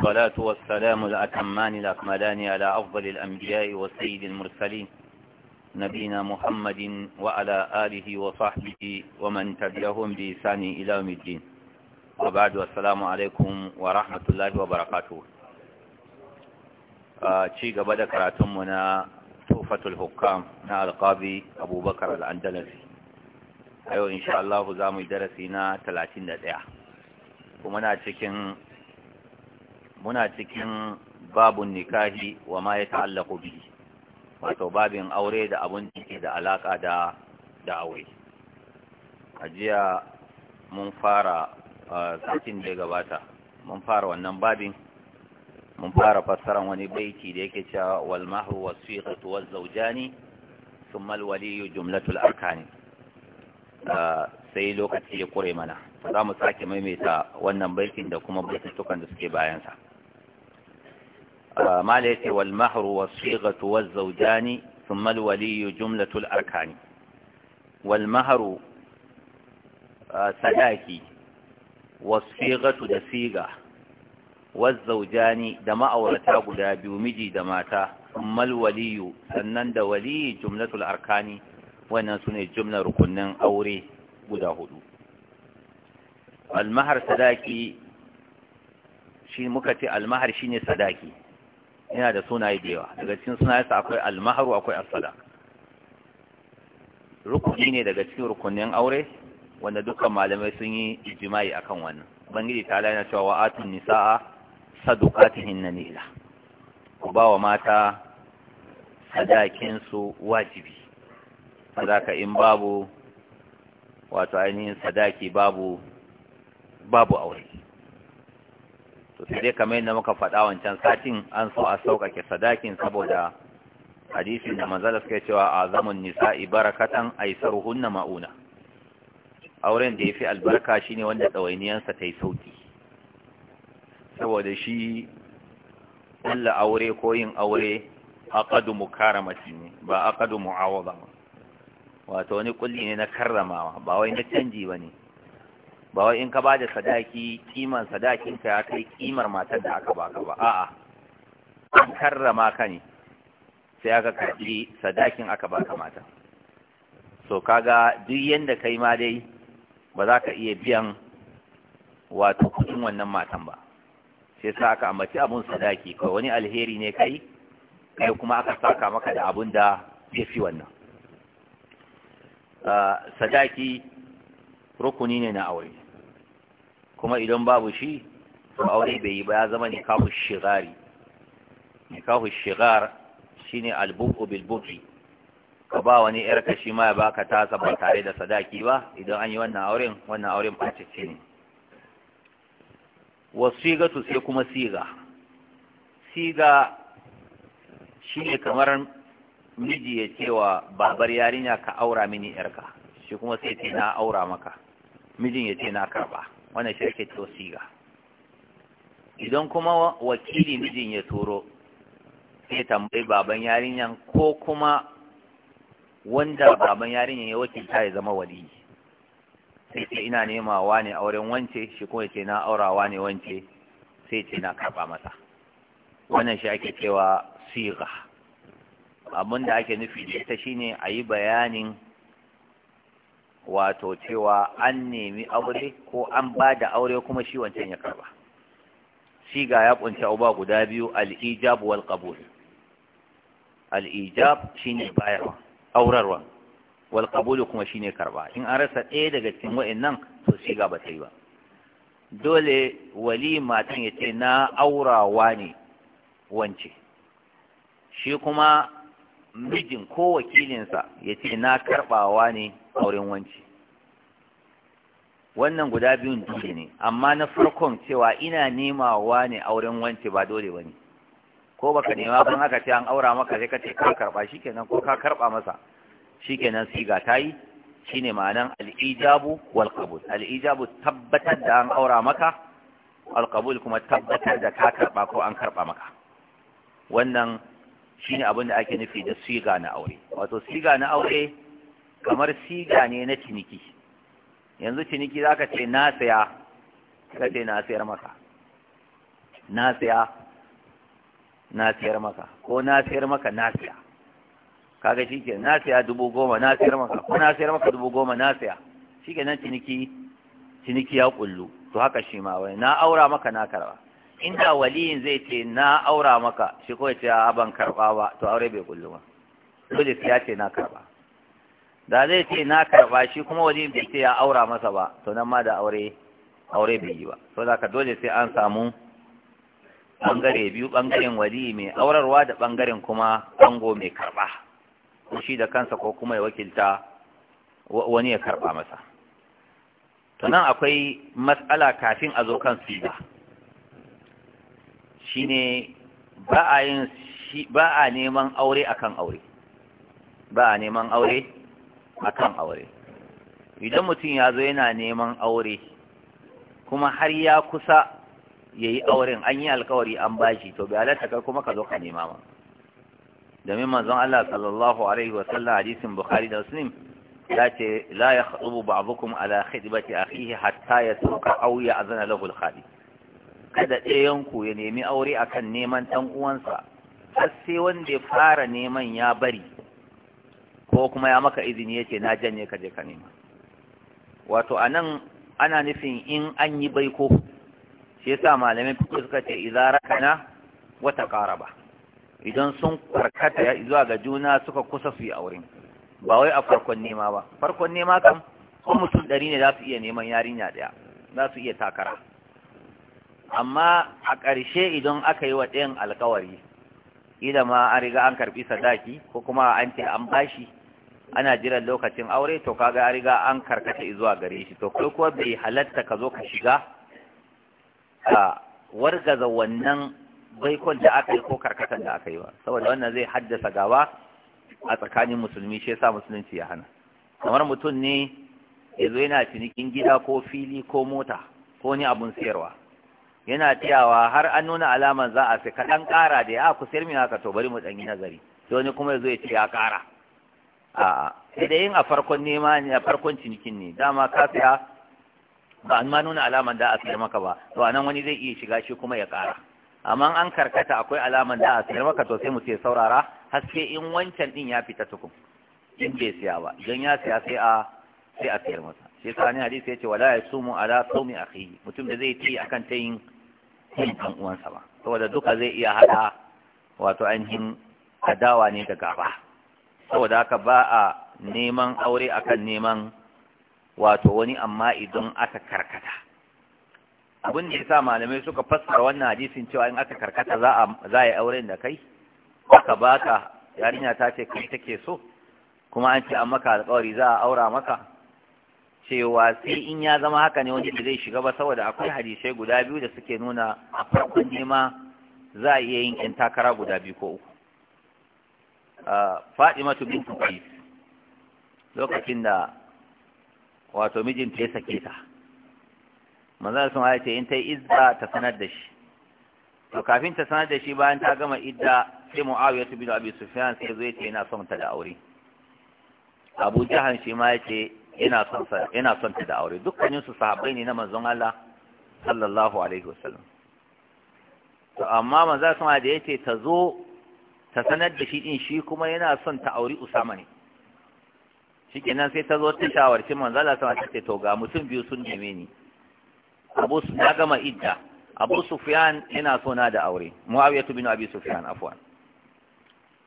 الصلاة والسلام الأتمان الأكملان على أفضل الأنبياء والسيد المرسلين نبينا محمد وعلى آله وصحبه ومن تبعهم بإسان إلى يوم الدين وبعد والسلام عليكم ورحمة الله وبركاته شيء قبل كراتمنا توفة الحكام نا القاضي أبو بكر الأندلسي أيوة إن شاء الله زامي درسنا 31 ومنا cikin muna cikin babun nikahi wa ma ya ta'allaku bi, wato babin aure da abun ciki da alaka da da aure ajiya mun fara eh, sakin da gabata mun fara wannan babin mun fara fassaran wani baiti da yake cewa wal mahru was waz zawjani thumma al jumlatul arkani eh, sai lokaci ya kure mana za mu sake maimaita wannan baitin da kuma baitutukan da suke bayansa. ما ليس والمهر والصيغة والزوجان ثم الولي جملة الأركان والمهر سلاكي والصيغة دسيغة والزوجان دماء ورتاق دابي ومجي دماتا ثم الولي سنن ولي جملة الأركان وننسون الجملة ركن أوري بداهدو المهر سلاكي شين مكتئ ce شين سلاكي yana da sunaye da yawa daga cikin sunayensa akwai almaharu akwai asala rukuni ne daga cikin rukunin aure wanda dukkan malamai sun yi ijimai akan wannan bangiji ta lana cewa wa atun nisa'a sadukatihin na nila ku ba wa mata sadakinsu wajibi sadaka in babu wato ainihin sadaki babu babu aure sai dai kamar yadda muka faɗa wancan satin an so a sauƙaƙe sadakin saboda hadisin da manzala suka cewa a zaman nisa'i barakatan aisar hunna ma'una auren da ya fi albarka shine wanda ɗawainiyansa ta yi sauƙi saboda shi ƙulla aure ko yin aure kara mace ne ba mu awa ba. wato wani kulli ne na karramawa ba wai na canji ba ne. ba wai in ka ba da sadaki kiman sadakinka ya kai kimar matar da aka baka ba a'a an karrama ka ne sai aka karɓi sadakin aka baka mata so kaga duk yanda kai ma dai ba za ka iya biyan wato kudin wannan matan ba sai sa aka ambaci abun sadaki kawai wani alheri ne kai kai kuma aka saka maka da abun da ya fi wannan ah, sadaki rukuni ne na aure kuma idan babu shi to aure bai yi ba ya zama nikahu shigari nikahu shigar shine albuqu bil buqi ka ba wani yarka shi ma ya baka tasa ba tare da sadaki ba idan an yi wannan auren wannan auren fatacce ne wasigatu sai kuma siga siga shine kamar miji ya cewa babar yarinya ka aura mini yarka shi kuma sai ce na aura maka mijin ya ce na karba wannan shi ake to siga idan kuma wakili mijin ya turo sai tambayi baban yarinyan ko kuma wanda baban yarinyan ya wakilta ya zama wali sai ce ina nema wane auren wance shi kuma ce na aura ne wance sai ce na karba masa wannan shi ake cewa siga abinda ake nufi da ita shine a yi bayanin wato cewa an nemi aure ko an ba da aure kuma shi wancan ya karba shi ga ya kunce uba guda biyu al-ijab wal qabul al-ijab shine bayarwa aurarwa wal qabul kuma shine karba in an rasa ɗaya daga cikin waɗannan, to shi ga ba ta yi ba dole wali matan ya ce na aurawa ne wance shi kuma mijin ko wakilinsa ya ce na karɓawa ne auren wanci wannan guda biyun dole ne amma na farkon cewa ina nemawa ne auren wanci ba dole ba ne ko baka nema ban haka ce an aura maka sai ka ce ka karɓa kenan ko ka karɓa masa shi shikenan siga ta yi shine ma'anan al'ijabu walƙabul al'ijabu tabbatar da an aura maka al kuma tabbatar da ka karɓa ko an karɓa maka wannan ne abin da ake nufi da siga na aure wato siga na aure kamar siga ne na ciniki yanzu ciniki ka ce na saya ka ce na sayar maka na saya na sayar maka ko na sayar maka na saya kaga ke na saya dubu goma na sayar maka ko na sayar maka dubu goma na saya ke nan ciniki ciniki ya kullu to haka shi ma wai na aura maka na karawa inda waliyin zai ce na aura maka shi ko ce a ban karɓa ba to aure bai kullu ba dole sai ya ce na karɓa. da zai ce na karɓa, shi kuma waliyin bai ce ya aura masa ba to nan ma da aure aure bai yi ba to da ka dole sai an samu bangare biyu bangaren waliyi mai aurarwa da bangaren kuma ango mai karɓa, ko shi da kansa ko kuma ya wakilta wani ya karɓa masa to nan akwai matsala kafin a zo kan su yi ba. shine ba a ba a neman aure akan aure ba a neman aure akan aure idan mutum ya zo yana neman aure kuma har ya kusa ya yi auren an yi alkawari an bashi to bai halatta kai kuma ka zo ka nema ma domin manzon Allah sallallahu alaihi wa sallam hadisin Bukhari da Muslim ya ce la yakhdubu ba'dukum ala khidbati akhihi hatta yasuqa aw ya'zana lahu al-khadib kada ɗayanku ya nemi aure a kan neman ɗan uwansa har sai wanda ya fara neman ya bari ko kuma ya maka izini yake na janye ka je ka nema wato anan ana nufin in an yi baiko shi sa malamin fito suka ce na rakana ƙara ba. idan sun karkata zuwa ga juna suka kusa su yi auren ba wai a farkon nema ba farkon nema kam ko mutum ɗari ne za su iya neman yarinya ɗaya za su iya takara amma a ƙarshe idan aka yi wa ɗayan alkawari idan ma an riga an karɓi sadaki ko kuma an ce an bashi ana jiran lokacin aure to kaga an riga an karkata zuwa gare shi to kai kuwa bai halatta ka zo ka shiga a wargaza wannan baikon da aka yi ko karkatan da aka yi ba saboda wannan zai haddasa gaba a tsakanin musulmi shi yasa musulunci ya hana kamar mutum ne ya yana cinikin gida ko fili ko mota ko ni abun siyarwa yana tiyawa har an nuna alaman za a fi kaɗan ƙara da ya ku sayar min haka to bari mu ɗan yi nazari to wani kuma ya zo ya ce ya ƙara a'a sai da yin a farkon nema ne a farkon cinikin ne dama ka saya ba an ma nuna alaman da a sayar maka ba to anan wani zai iya shiga shi kuma ya ƙara amma an karkata akwai alaman da a sayar maka to sai mu ce saurara haske in wancan din ya fita tukun in bai siya ba idan ya siya sai a sai a sayar masa shi yasa ne hadisi ce wala sumu ala sumi akhi mutum da zai ci akan tayin yin ɗan uwansa ba saboda duka zai iya haɗa wato ainihin adawa ne da gaba saboda haka ba a neman aure akan neman wato wani amma idan aka karkata abin da yasa malamai suka fassara wannan hadisin cewa in aka karkata za a za a auren da kai aka baka yarinya ta ce kai take so kuma an ce an maka alƙawari za a aura maka cewa sai in ya zama haka ne da zai shiga ba saboda akwai hadisai guda biyu da suke nuna a farkon nema za a iya yin ƴan takara guda biyu ko uku Fatimatu bin Qais lokacin da wato mijinta ya sake ta manzon sun haya ce in ta yi izza ta sanar da shi to kafin ta sanar da shi bayan ta gama idda sai ya bin Abi Sufyan sai zo yace yana son ta da aure Abu Jahan shi ma ce yana son sa son ta da aure dukkanin su sahabbai ne na manzon Allah sallallahu alaihi wasallam to amma manzo sama da yace ta zo ta sanar da shi din shi kuma yana son ta auri Usama ne shikenan sai ta zo ta shawarci manzo Allah sama ta ce to ga mutum biyu sun neme ni Abu ya gama idda Abu Sufyan yana so na da aure Muawiya bin Abi Sufyan afwan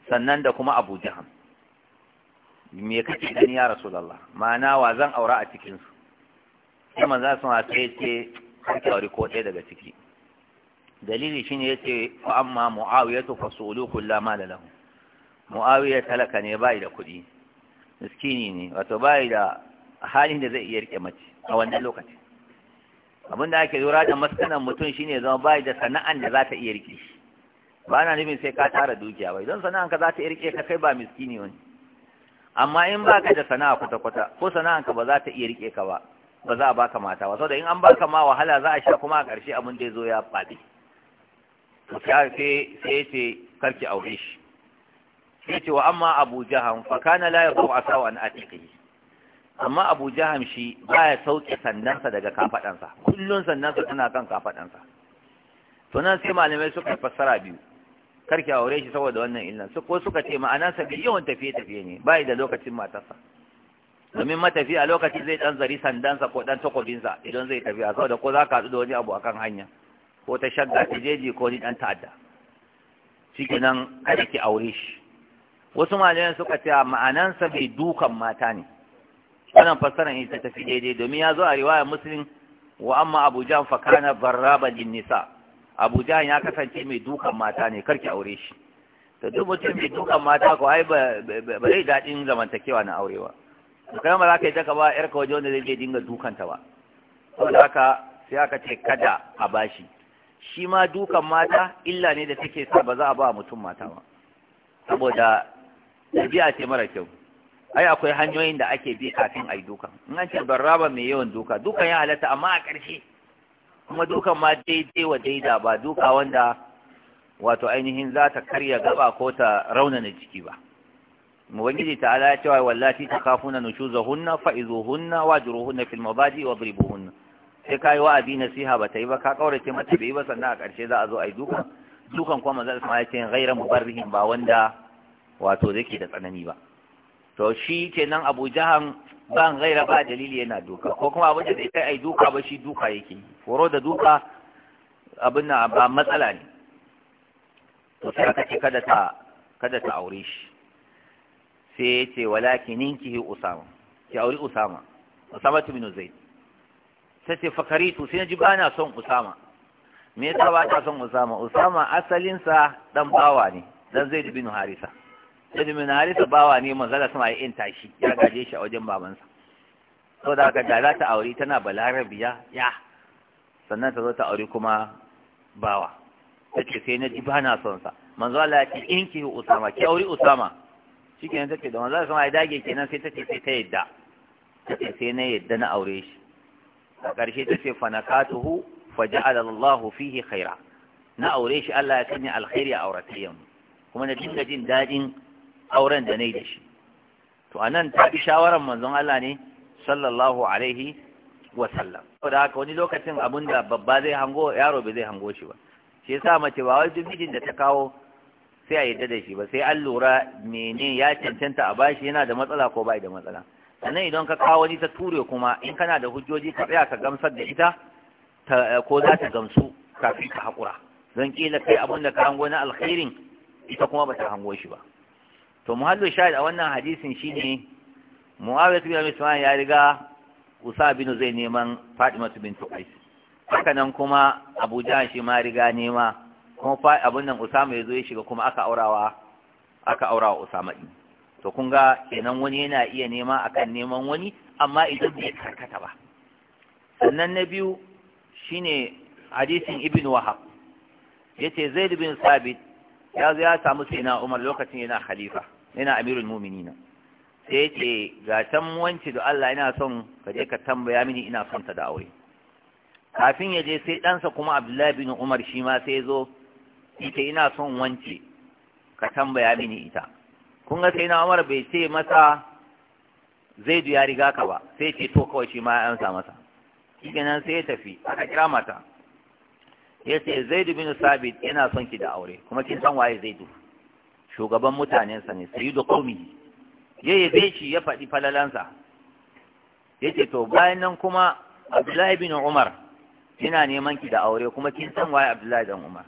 sannan da kuma Abu Jaham me kake gani ya rasulullah ma'ana wa zan aura a cikin su sai manzo sun ha sai ce kake aure ko ɗaya daga ciki dalili shine yace fa amma muawiyatu ma la lahu muawiya talaka ne bai da kuɗi miskini ne wato bai da halin da zai iya rike mace a wannan lokacin abin da ake lura da maskanan mutum shine zama bai da sana'an da za ta iya rike shi ba na nufin sai ka tara dukiya bai don sana'an ka za ta iya rike ka kai ba miskini wani amma in ba ka da sana'a kwata-kwata ko sana'anka ba za ta iya rike ka ba ba za a baka mata ba saboda in an baka ma wahala za a sha kuma a ƙarshe abin da ya zo ya faɗi to sai sai ce karki aure shi sai ce wa amma Abu Jaham fa kana la yabu asaw an atiqi amma Abu Jaham shi baya sauke sannansa daga kafadansa kullun sannansa tana kan kafadansa to nan sai malamai suka fassara biyu karki aure shi saboda wannan illan su ko suka ce ma'ana bi yawan tafiye-tafiye ne bai da lokacin matarsa domin matafi a lokacin zai dan zari sandansa ko dan takobinsa idan zai tafiya saboda ko za ka haɗu da wani abu akan hanya ko ta shagga ta jeji ko ni dan ta'adda shikenan kada ki aure shi wasu malamai suka ce ma'anansa bai dukan mata ne wannan ne ita tafi daidai domin ya zo a riwayar muslim wa amma abu jan fa kana barraba nisa Abuja ya kasance mai dukan mata ne karki aure shi to duk mutum mai dukan mata ko ai ba zai daɗin zamantakewa na aure ba kai ma za ka yi ba yarka waje wanda zai dinga dukanta ba saboda haka sai aka ce kada a bashi shi ma dukan mata illa ne da take sa ba za a ba mutum mata ba saboda ɗabi'a ce mara kyau ai akwai hanyoyin da ake bi kafin a yi duka in an ce barraba mai yawan duka dukan ya halatta amma a ƙarshe kuma dukan ma daidai wa daida ba duka wanda wato ainihin za ta karya gaba ko ta raunana jiki ba ubangiji ta ala cewa wallati ta kafuna nushuzahunna fa'izuhunna wajruhunna fil mabaji wadribuhunna sai ka yi wa abi na nasiha ba ta yi ba ka kaurace mata bai yi ba sannan a ƙarshe za a zo a yi dukan dukan kuma sama ya ce bar mubarrihin ba wanda wato zai ke da tsanani ba to shi kenan Abu Jahan ban gaira ba dalili yana duka ko kuma abin da kai ai duka ba shi duka yake foro da duka abin na ba matsala ne to sai ka ce kada ta kada ta aure shi sai ya ce walakin ninkihi usama ki aure usama usama bin zaid sai ce fakaritu sai ji bana son usama me yasa ba ta son usama usama asalin sa dan bawa ne dan zaid bin harisa sai da ta bawa ne manzala sama yi inta tashi? ya gaje shi a wajen babansa sau da aka da za ta aure tana balarabiya ya sannan ta zo ta aure kuma bawa ta ce sai na ji ba na son sa manzo Allah ya ce in ki usama ki aure usama ta take da manzo sama ya dage kenan sai ce sai ta yadda Ta ce sai na yadda na aure shi a ƙarshe ta ce fanakatuhu faja'ala Allahu fihi khaira na aure shi Allah ya sanya alkhairi a auratayyan kuma na dinga jin dadin auren da na yi da shi to a nan ta bi shawarar manzon Allah ne sallallahu alaihi wasallam da haka wani lokacin abin da babba zai hango yaro bai zai hango shi ba shi yasa mace ba wai duk mijin da ta kawo sai a yadda da shi ba sai an lura mene ya cancanta a bashi yana da matsala ko bai da matsala sannan idan ka kawo wani ta ture kuma in kana da hujjoji ka tsaya ka gamsar da ita ko za ta gamsu kafin ka haƙura don kila kai abin da ka hango na alkhairin ita kuma ba ta hango shi ba to muhallu shahid a wannan hadisin shine muawiyah bin ya riga usa bin zai neman fatima bin tuqais haka nan kuma abu jahan shi ma riga nema kuma fa abun nan usama yazo ya shiga kuma aka aurawa aka aurawa usama din to kun ga kenan wani yana iya nema akan neman wani amma idan bai karkata ba sannan na biyu shine hadisin ibn wahab yace zaid bin sabit ya zai ya samu sina umar lokacin yana khalifa yana amirul mu'minina sai ya ce ga can wanci da Allah yana son ka je ka tambaya mini ina son ta da aure kafin ya je sai ɗansa kuma Abdullahi bin Umar shi ma sai zo ita ina son wance ka tambaya mini ita kun ga sai na Umar bai ce masa Zaidu ya riga ka ba sai ce to kawai shi ma ya amsa masa shikenan sai ya tafi aka kira mata ya ce Zaidu bin Sabit yana son ki da aure kuma kin san waye Zaidu shugaban mutanensa ne da qaumi ya yi beci, ya faɗi falalansa Ya ce to bayan nan kuma Abdullahi bin Umar yana neman ki da aure kuma kin san waye Abdullahi bin Umar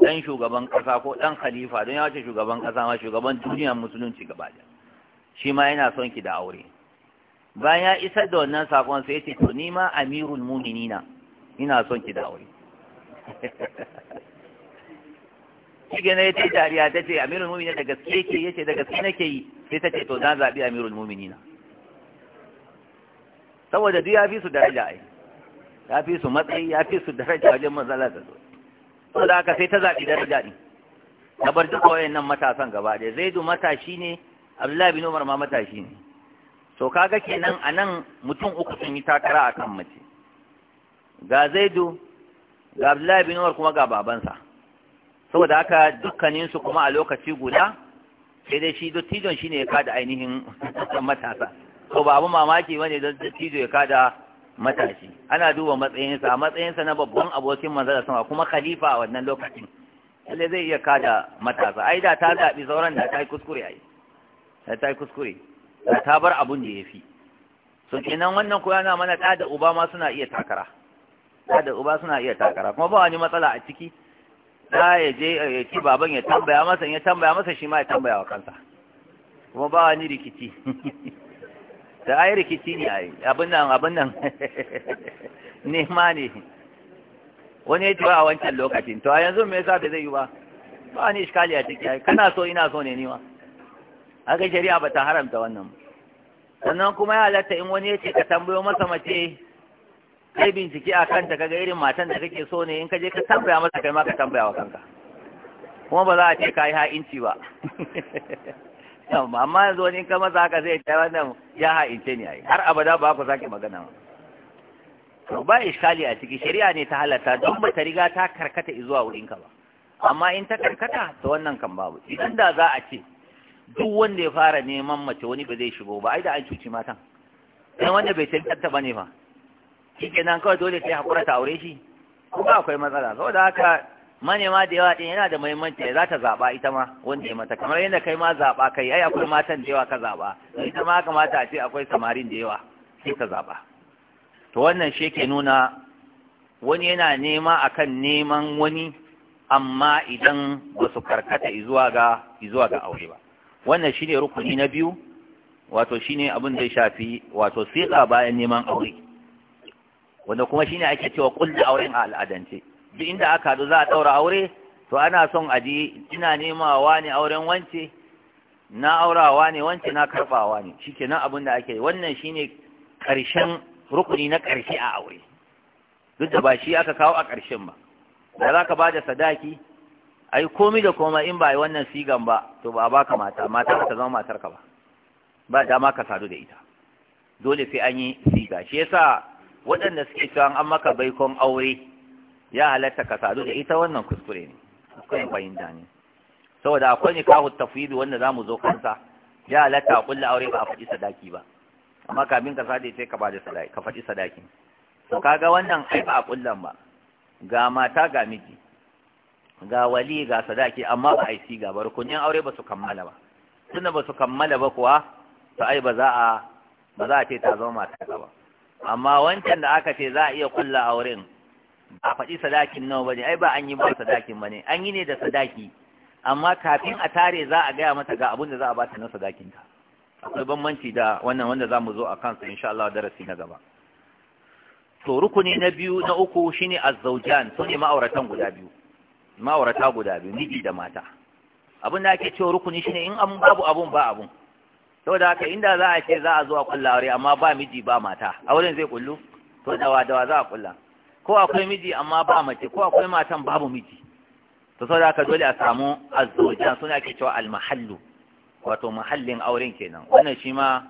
dan shugaban ƙasa ko dan khalifa don ya wace shugaban ƙasa ma shugaban duniyar musulunci gaba da shi ma yana son ki da aure bayan ya isar da wannan sakon sai ce to ni ma amirul mu'minina ina son ki da aure shige na yace dariya ta ce amirul mu'minin da gaske yake yace da gaske nake yi sai ta ce to na zabi amirul mu'minina saboda duk ya fi su daraja ai ya fi su matsayi ya fi su daraja wajen matsala da zo da aka sai ta zabi daraja din na bar duka wayannan matasan gaba da zaidu matashi ne abdullahi bin umar ma matashi ne to kaga kenan anan mutum uku sun yi takara akan mace ga zaidu ga abdullahi bin umar kuma ga babansa saboda haka dukkaninsu kuma a lokaci guda sai dai shi shi shine ya kada ainihin matasa ko ba abu mamaki bane don dattijo ya kada matashi ana duba matsayinsa a matsayinsa na babban abokin manzo da sama kuma khalifa a wannan lokacin lalle zai iya kada matasa ai da ta zabi sauran da ta yi kuskure ai da ta yi kuskure da ta bar abun da yafi so kenan wannan ko yana mana da da uba ma suna iya takara da da uba suna iya takara kuma ba wani matsala a ciki da ya je ya ci baban ya tambaya masa ya tambaya masa shi ma ya tambaya wa kansa kuma ba wani rikici da ai rikici ne ai abin nan abin nan nema ne wani ya ba a wancan lokacin to a yanzu mai sa da zai yi ba ba wani iskali a ciki kana so ina so ne niwa haka shari'a ba ta haramta wannan sannan kuma ya halatta in wani ya ce ka tambayo masa mace kai bincike a kanta kaga irin matan da kake so ne in ka je ka tambaya masa kai ma ka tambaya wa kanka kuma ba za a ce ka yi ha'inci ba amma yanzu wani ka masa haka zai ta wannan ya ha'ince ne ai har abada ba ku sake magana to ba iskali a ciki shari'a ne ta halatta don ba ta riga ta karkata zuwa wurin ka ba amma in ta karkata to wannan kan babu idan da za a ce duk wanda ya fara neman mace wani ba zai shigo ba ai da an cuci matan dan wanda bai tantance ba ne fa shike nan kawai dole sai haƙura ta aure shi ba akwai matsala saboda haka manema da yawa ɗin yana da muhimmanci za ta zaɓa ita ma wanda ya mata kamar yadda kai ma zaɓa kai ai akwai matan da yawa ka zaɓa ita ma kamata a ce akwai samarin da yawa sai ka zaɓa to wannan shi ke nuna wani yana nema akan neman wani amma idan ba su karkata zuwa ga zuwa ga aure ba wannan shine rukuni na biyu wato shine abin da ya shafi wato sika bayan neman aure wanda kuma shine ake cewa kullu auren a al'adance duk inda aka haɗu za a ɗaura aure to ana son a ji ina nemawa ne auren wance na aurawa ne wance na karɓawa ne shikenan abin da ake wannan shine ƙarshen rukuni na karshe a aure duk da ba shi aka kawo a karshen ba da za ka ba da sadaki ai komai da komai in ba yi wannan sigan ba to ba baka mata mata ka ta zama matarka ba ba dama ka sadu da ita dole sai an yi siga shi yasa waɗanda suke cewa an maka baikon aure ya halatta ka sadu da ita wannan kuskure ne kuskure fahimta ne saboda akwai ni kahu tafwid wanda zamu zo kansa ya halatta a kulle aure ba a faɗi sadaki ba amma kafin ka sadu sai ka ba da sadaki ka faɗi sadaki to kaga wannan ai ba a kullan ba ga mata ga miji ga wali ga sadaki amma ba a yi siga ba rukunin aure ba su kammala ba tunda ba su kammala ba kuwa to ai ba za a ba za a ce ta zama mata ba amma wancan da aka ce za a iya kulla ba a faɗi sadakin nawa bane ai ba an yi ba sadakin bane an yi ne da sadaki amma kafin a tare za a gaya mata ga abin da za a bata na sadakin ta akwai bambanci da wannan wanda za mu zo a kansa insha Allah darasi na gaba to rukuni na biyu na uku shine azzaujan ne ma'auratan guda biyu ma'aurata guda biyu miji da mata abin da ake cewa rukuni shine in an babu abun ba abun saboda haka inda za a ce za a zo a kulla aure amma ba miji ba mata auren zai kullu to dawa dawa za a kulla ko akwai miji amma ba mace ko akwai matan babu miji to saboda haka dole a samu azzojan suna ke cewa almahallu wato mahallin auren kenan wannan shi ma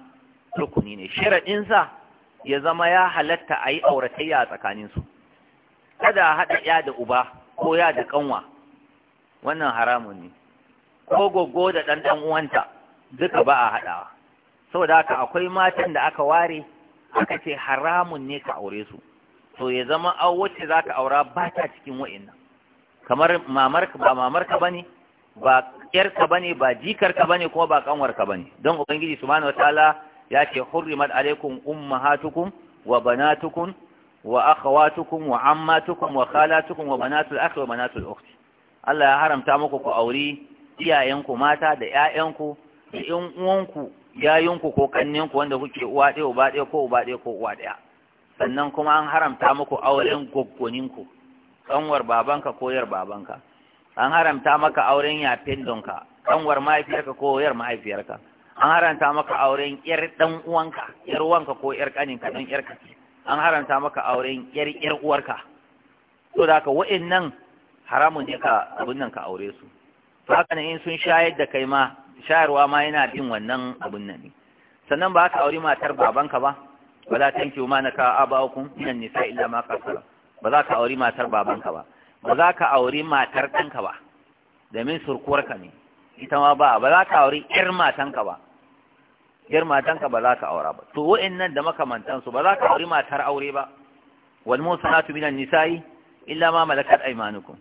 rukuni ne sharadin sa ya zama ya halatta a yi auratayya a tsakanin su kada a haɗa ya da uba ko ya da kanwa wannan haramun ne ko goggo da dan dan uwanta duka ba a haɗawa saboda haka akwai matan da aka ware aka ce haramun ne ka aure su to ya zama au wacce za ka aura ba ta cikin wa'innan kamar mamarka ba mamarka ba ne ba ƙyarka ba ne ba jikarka ba ne kuma ba ƙanwarka ba ne don ubangiji subhanahu wataala ya ce hurrimat alaikum ummahatukum wa banatukum wa akhawatukum wa ammatukum wa khalatukum wa banatul akhi wa banatul ukhti Allah ya haramta muku ku auri iyayenku mata da 'ya'yanku. da ƴan uwanku yayinku ko kanninku wanda kuke uwa ɗaya uba ɗaya ko uba ɗaya ko uwa ɗaya sannan kuma an haramta muku auren gwaggwaninku ƙanwar babanka ko yar babanka an haramta maka auren yafin donka ƙanwar mahaifiyarka ko yar mahaifiyarka an haramta maka auren yar ɗan uwanka yar uwanka ko yar ƙaninka don yar kake an haramta maka auren yar yar uwarka to da haka wa'annan haramun ne ka abin nan ka aure su to haka ne in sun shayar da kai ma shayarwa ma yana bin wannan abun nan ne sannan ba ka aure matar babanka ba ba za ta yanke ma na ka abawakun minan nisa illa ma kasara ba za ka aure matar babanka ba ba za ka aure matar ɗanka ba domin surkuwarka ne ita ma ba ba za ka aure ƴar matanka ba ƴar matanka ba za ka aura ba to nan da makamantansu ba za ka aure matar aure ba wal musanatu minan nisa'i illa ma malakat aymanukum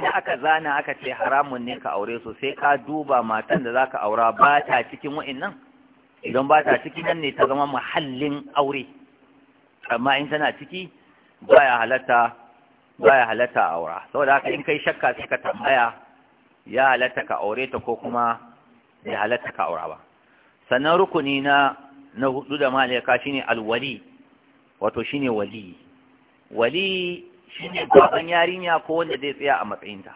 da aka zana aka ce haramun ne ka aure su sai ka duba matan da za ka aura ba ta cikin wa'in nan idan ba ta ciki nan ne ta zama muhallin aure amma in tana ciki ba ya halatta aura. Sau da aura saboda haka in kai shakka sai ka tambaya ya halatta ka aure ta ko kuma ya halatta ka aura ba sannan rukuni na na hudu da malaka shine alwali wato shine wali wali shine baban yarinya ko wanda zai tsaya a matsayinta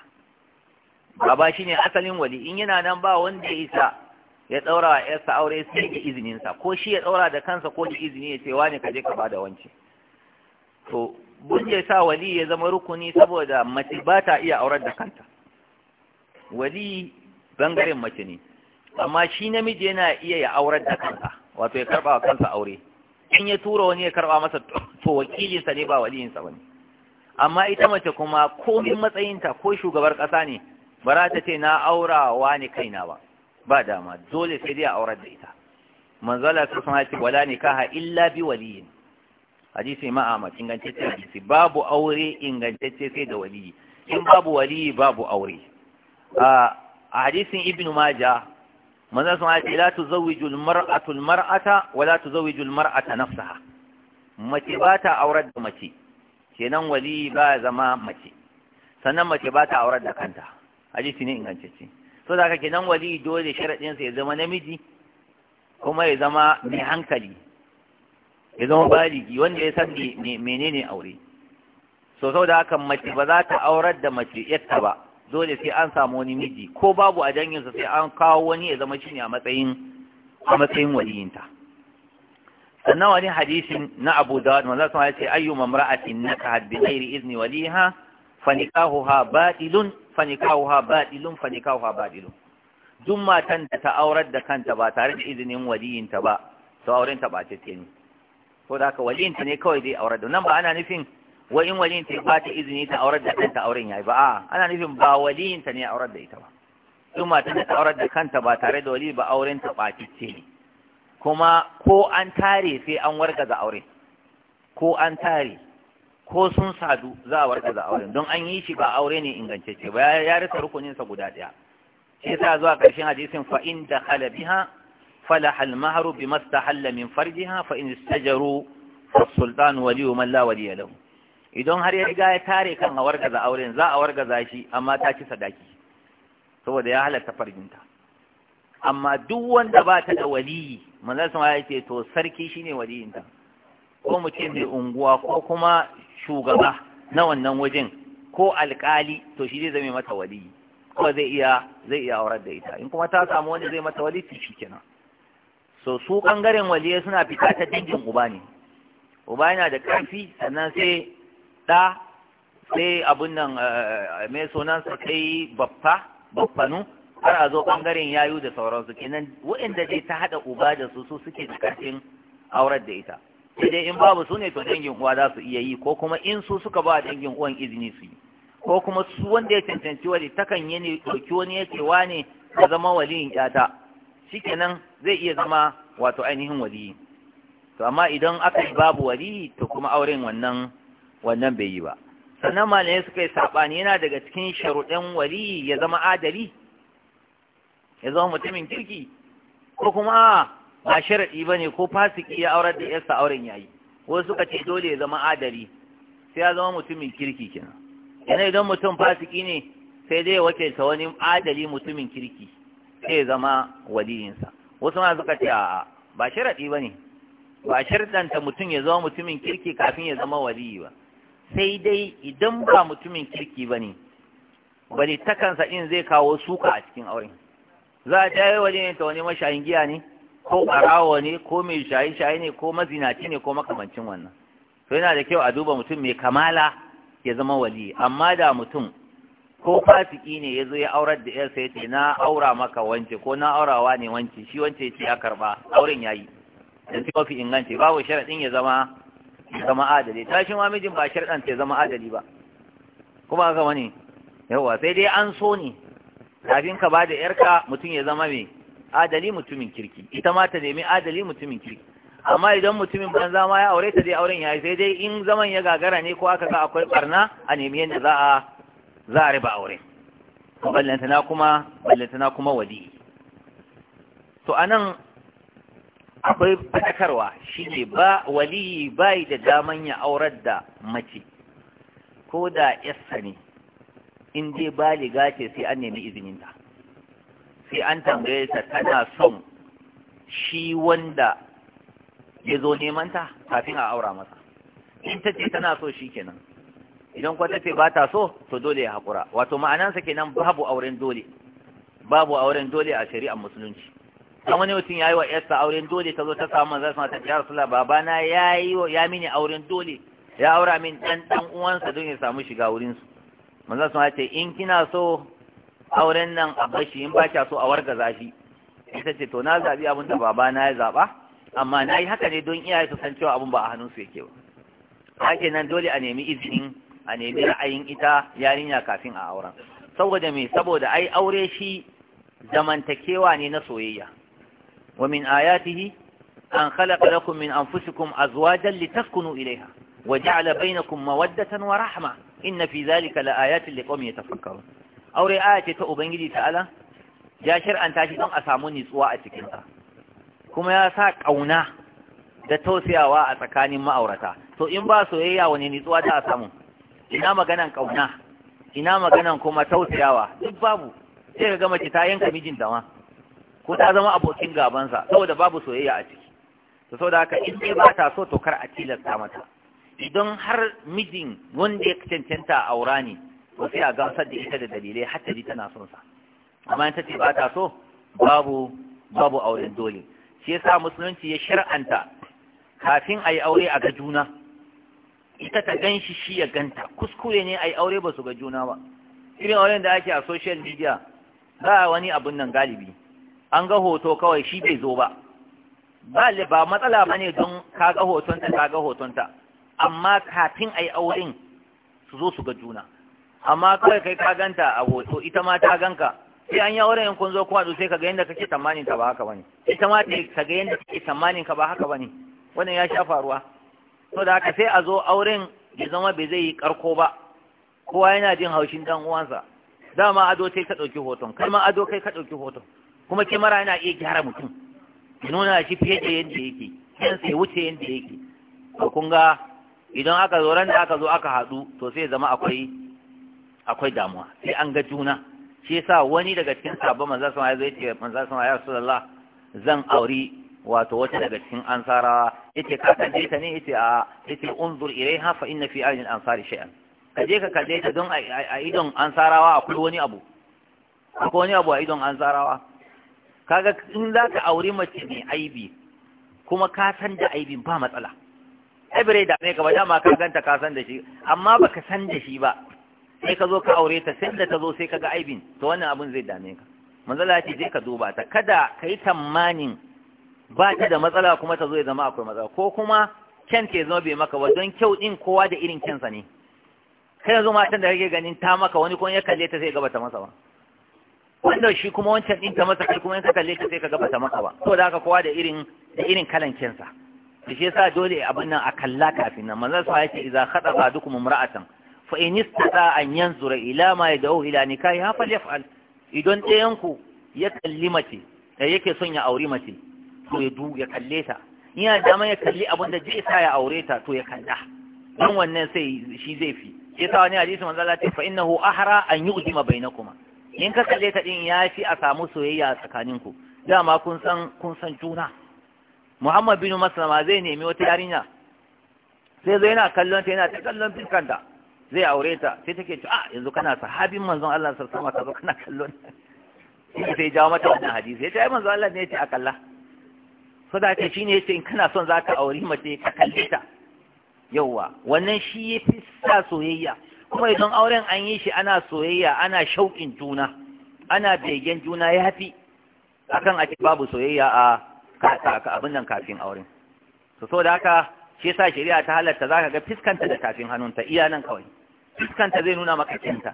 baba shine asalin wali in yana nan ba wanda ya isa ya daura wa yarsa aure sai da izinin sa ko shi ya daura da kansa ko da izini ya ce wani ka je ka bada wance to bun ya sa wali ya zama rukuni saboda mace ba ta iya aurar da kanta wali bangaren mace ne amma shi namiji yana iya ya aurar da kansa wato ya karba wa kansa aure in ya tura wani ya karba masa to wakilinsa ne ba waliyinsa bane amma ita mace kuma komin matsayinta ko shugabar ƙasa ne ba za ta ce na aurawa ne kaina ba ba dama dole sai dai a aurar da ita manzala su sun haci wala kaha illa bi waliyin hadisi ma mace ingantacce hadisi babu aure ingantacce sai da waliyi in babu waliyi babu aure a hadisin ibnu manzala manzon sun haci la tuzawwiju al-mar'atu al-mar'ata wa la tuzawwiju al-mar'ata nafsaha mace ba ta aurar da mace kenan wali ba zama mace sannan mace ba ta aurar da kanta hadisi ne ingantacce so da haka kenan wali dole sharadin ya zama namiji kuma ya zama mai hankali ya zama baligi wanda ya san menene aure so saboda haka mace ba za ta aurar da mace yatta ba dole sai an samu wani miji ko babu a danginsa sai an kawo wani ya zama ne a matsayin a matsayin waliyinta sannan wani hadisin na Abu Dawud manzo sun ce ayyu mamra'atin nakahat bi ghairi izni waliha fanikahuha batilun fanikahuha batilun fanikahuha batilun duk matan da ta aurar da kanta ba tare da izinin waliyinta ba to auren ta bace ce ne to da haka waliyinta ne kawai zai aurar da nan ba ana nufin wa in waliyinta ya bata izini ta aurar da kanta auren yayi ba a, ana nufin ba waliyinta ne aurar da ita ba duk matan da ta aurar da kanta ba tare da wali ba auren ta bace ce ne kuma ko an tare sai an wargaza aure ko an tare ko sun sadu za a wargaza aure. don an yi shi ba aure ne ingantacce ba ya rasa rukuninsa guda ɗaya shi sa zuwa ƙarshen hadisin fa in dakhala biha falaha mahru min farjiha fa in istajaru sultan waliyu man la idan har ya riga ya tare kan a wargaza auren za a wargaza shi amma ta ci sadaki saboda ya halatta farjinta amma duk wanda ba ta da waliyi manzon sama ya ce to sarki shine waliyinta ko mu ce mai unguwa ko kuma shugaba na wannan wajen ko alkali to shi zai zame mata waliyi ko zai iya zai iya aurar da ita in kuma ta samu wani zai mata waliyi shi kenan so su bangaren waliye suna fita ta dangin uba ne uba yana da karfi sannan sai ɗa sai abun nan eh, mai sunansa sai baffa baffanu har a zo ɓangaren yayu da sauransu kenan waɗanda dai ta haɗa uba da su su suke da ƙarfin aurar da ita sai in babu su ne to dangin uwa za su iya yi ko kuma in su suka ba dangin uwan izini su yi ko kuma su wanda ya cancanci wali takan yi ne ɗauki wani ya ce wane ya zama waliyin ƴata shikenan zai iya zama wato ainihin waliyi to amma idan aka yi babu waliyi to kuma auren wannan wannan bai yi ba sannan malamai suka yi saɓani yana daga cikin sharuɗin waliyi ya zama adali ya zama mutumin kirki ko kuma ba sharaɗi ba ne ko fasiki ya aurar da yarsa auren yi wasu suka ce dole ya zama adali sai ya zama mutumin kirki kenan yana idan mutum fasiki ne sai dai wace ta wani adali mutumin kirki sai ya zama waliyinsa wasu ma suka ce a'a ba sharaɗi ba ne ba sharɗanta mutum ya zama mutumin kirki kafin ya zama waliyi ba sai dai idan ba mutumin kirki ba ne takansa in zai kawo suka a cikin auren za a jaye waje ne ta wani mashayin giya ne ko ɓarawo ne ko mai shaye-shaye ne ko mazinaci ne ko makamancin wannan to yana da kyau a duba mutum mai kamala ya zama wali amma da mutum ko fasiki ne ya zo ya aurar da yarsa ya ce na aura maka wance ko na aurawa ne wance shi wance ya ce ya karba auren ya yi da ce mafi inganci babu sharaɗin ya zama zama adali tashin ma mijin ba sharaɗin ta zama adali ba kuma haka wani yawa sai dai an so ne kafin ka ba da yarka mutum ya zama mai adali mutumin kirki ita ma ta nemi adali mutumin kirki amma idan mutumin banza zama ya aure ta dai auren ya yi sai dai in zaman ya gagara ne ko aka ga akwai barna a nemi yadda za a za a riba aure ballantana kuma ballantana kuma wadi to anan akwai fadakarwa shine ba waliyi bai da daman ya aurar da mace ko da yarsa ne in dai baliga ce sai an nemi izininta sai an tambaye ta tana son shi wanda ya zo nemanta kafin a aura masa in ta ce tana so shi kenan idan kwa ta ce ba ta so to dole ya haƙura wato ma'anansa kenan babu auren dole babu auren dole a shari'ar musulunci kan wani mutum ya yi wa yarsa auren dole ta zo ta samu manzan sama ta sula ba babana ya yi ya mini auren dole ya aura min ɗan ɗan uwansa don ya samu shiga wurinsu manzo sun ce in kina so auren nan a bashi in ba so a warga zafi. ita ce to na zabi abin da baba na ya zaba amma na haka ne don iyaye su san cewa abin ba a hannun su yake ba haka nan dole a nemi izinin a nemi ra'ayin ita yarinya kafin a auren saboda me saboda ai aure shi zamantakewa ne na soyayya wa min ayatihi an khalaqa lakum min anfusikum azwajan litaskunu ilayha wa ja'ala bainakum mawaddatan wa rahma inna fi zalika la ayatin liqaumin yatafakkarun aure aya ce ta ubangiji ta'ala ya shir'anta shi don a samu nitsuwa a cikin sa kuma ya sa kauna da tausayawa a tsakanin ma'aurata to in ba soyayya wani nitsuwa ta samu ina maganan kauna ina maganan kuma tausayawa duk babu sai ka ga mace ta yanka mijin da ma ko ta zama abokin gabansa saboda babu soyayya a ciki to saboda haka in dai ba ta so to kar a tilasta mata idan har mijin wanda ya cancanta a aura ne to sai a gamsar da ita da dalilai har ta ji tana son sa amma ta ce ba ta so babu babu auren dole shi yasa musulunci ya shar'anta kafin a yi aure a ga juna ita ta ganshi shi ya ganta kuskure ne a yi aure ba su ga juna ba irin auren da ake a social media za a wani abun nan galibi an ga hoto kawai shi bai zo ba ba matsala ba ne don ka ga hotonta ka ga hotonta amma kafin a yi auren su zo su ga juna amma kawai kai ka ganta a hoto ita ma ta ganka sai an yi auren in kun zo kuma sai ka ga yadda kake tsammanin ka ba haka bane ita ma ta ga yadda kake tsammanin ka ba haka bane wannan ya sha faruwa to da haka sai a zo auren ya zama bai zai yi karko ba kowa yana jin haushin dan uwansa dama ado sai ka ɗauki hoton kai ma ado kai ka ɗauki hoton kuma kyamara yana iya gyara mutum ya nuna shi fiye da yadda yake kansa ya wuce yadda yake to kun ga idan aka zo ran da aka zo aka haɗu to sai zama akwai akwai damuwa sai an ga juna shi yasa wani daga cikin sabon manzon sama ya zo yace manzon sama ya zan auri wato wata daga cikin ansarawa yace ka kaje ta ne yace a yace unzur ilaiha fa inna fi ajin ansari shay'an kaje ka kaje ta don a idon ansarawa akwai wani abu akwai wani abu a idon ansarawa kaga in zaka auri mace mai aibi kuma ka san da aibin ba matsala ai bare da me ka ba dama ka ganta ka san da shi amma baka san da shi ba sai ka zo ka aure ta sai da ta zo sai ka ga aibin to wannan abun zai dame ka manzala ce je ka duba ta kada ka yi tamanin ba ta da matsala kuma ta zo ya zama akwai matsala ko kuma kyan ke zama bai maka ba don kyau din kowa da irin kyansa ne kai yanzu matan da kake ganin ta maka wani kuma ya kalle ta sai gaba ta masa ba wanda shi kuma wancan din ta masa kai kuma in ka kalle ta sai ka gaba ta maka ba da haka kowa da irin da irin kalan kyansa da shi yasa dole abin nan a kalla kafin nan manzon sa yace idza khada dukum imra'atan fa in istata an yanzura ila ma yad'u ila nikahi ha falyaf'al idan ɗayan ku ya kalli mace da yake son ya aure mace to ya du ya kalle ta ya dama ya kalli abin da zai sa ya aure ta to ya kalla dan wannan sai shi zai fi yasa wani hadisi manzo Allah ce fa innahu ahra an yu'dima bainakuma in ka kalle ta din fi a samu soyayya tsakaninku dama kun san kun san juna muhammad bin maslama zai nemi wata yarinya sai zai yana kallon ta yana ta kallon fiskanta zai aure ta sai take ce a ah, yanzu kana sahabin manzon Allah sallallahu alaihi wasallam kana kallon shi sai jawo mata wannan hadisi ya ta ai manzon Allah ne ya ce a kalla shi ne yace in kana son zaka aure mace ka kalle ta yawa wannan shi ya fi sa soyayya kuma idan auren an yi shi ana soyayya ana shauƙin juna ana begen juna ya fi akan a ce babu soyayya a ka abin nan kafin auren to so da haka shi yasa shari'a ta halatta zaka ga fiskanta da tafin hannunta iya nan kawai fiskanta zai nuna maka cinta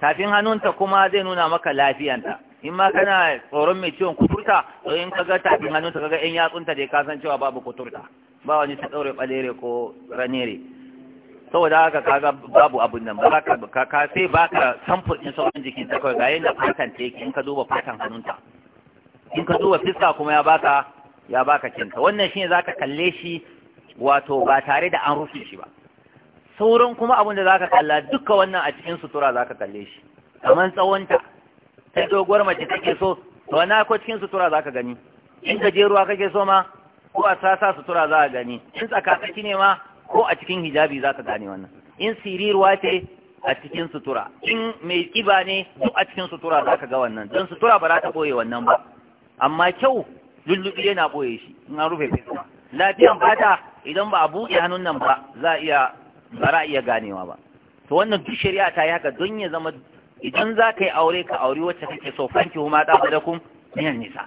tafin hannunta kuma zai nuna maka lafiyanta in ma kana tsoron mai ciwon kuturta to in ga tafin hannunta ka ga yan yatsunta da ka san cewa babu kuturta ba wani ta ɗaure balere ko ranere saboda haka kaga babu abun nan ba ka ka ka sai baka samfur din sauran jikin ta kawai ga yanda fatan ta in ka duba fatan hannunta in ka duba fiska kuma ya baka ya baka cinta wannan shine zaka kalle shi wato ba tare da an rufe shi ba sauran kuma abin da zaka kalla duka wannan a cikin sutura zaka kalle shi kaman tsawonta ta doguwar mace take so to na ko cikin sutura zaka gani in gajeruwa kake so ma ko a sasa sutura za ka gani in tsakatsaki ne ma ko a cikin hijabi za ka gane wannan in siriruwa ce a cikin sutura in mai kiba ne duk a cikin sutura za ga wannan don sutura ba za ta ɓoye wannan ba amma kyau lullubi yana boye shi in an rufe fiska lafiyan fata idan ba a buɗe hannun nan ba za a iya ba za a iya ganewa ba to wannan duk shari'a ta yi haka don ya zama idan za ka yi aure ka auri wacce kake so fanki huma da kun minan nisa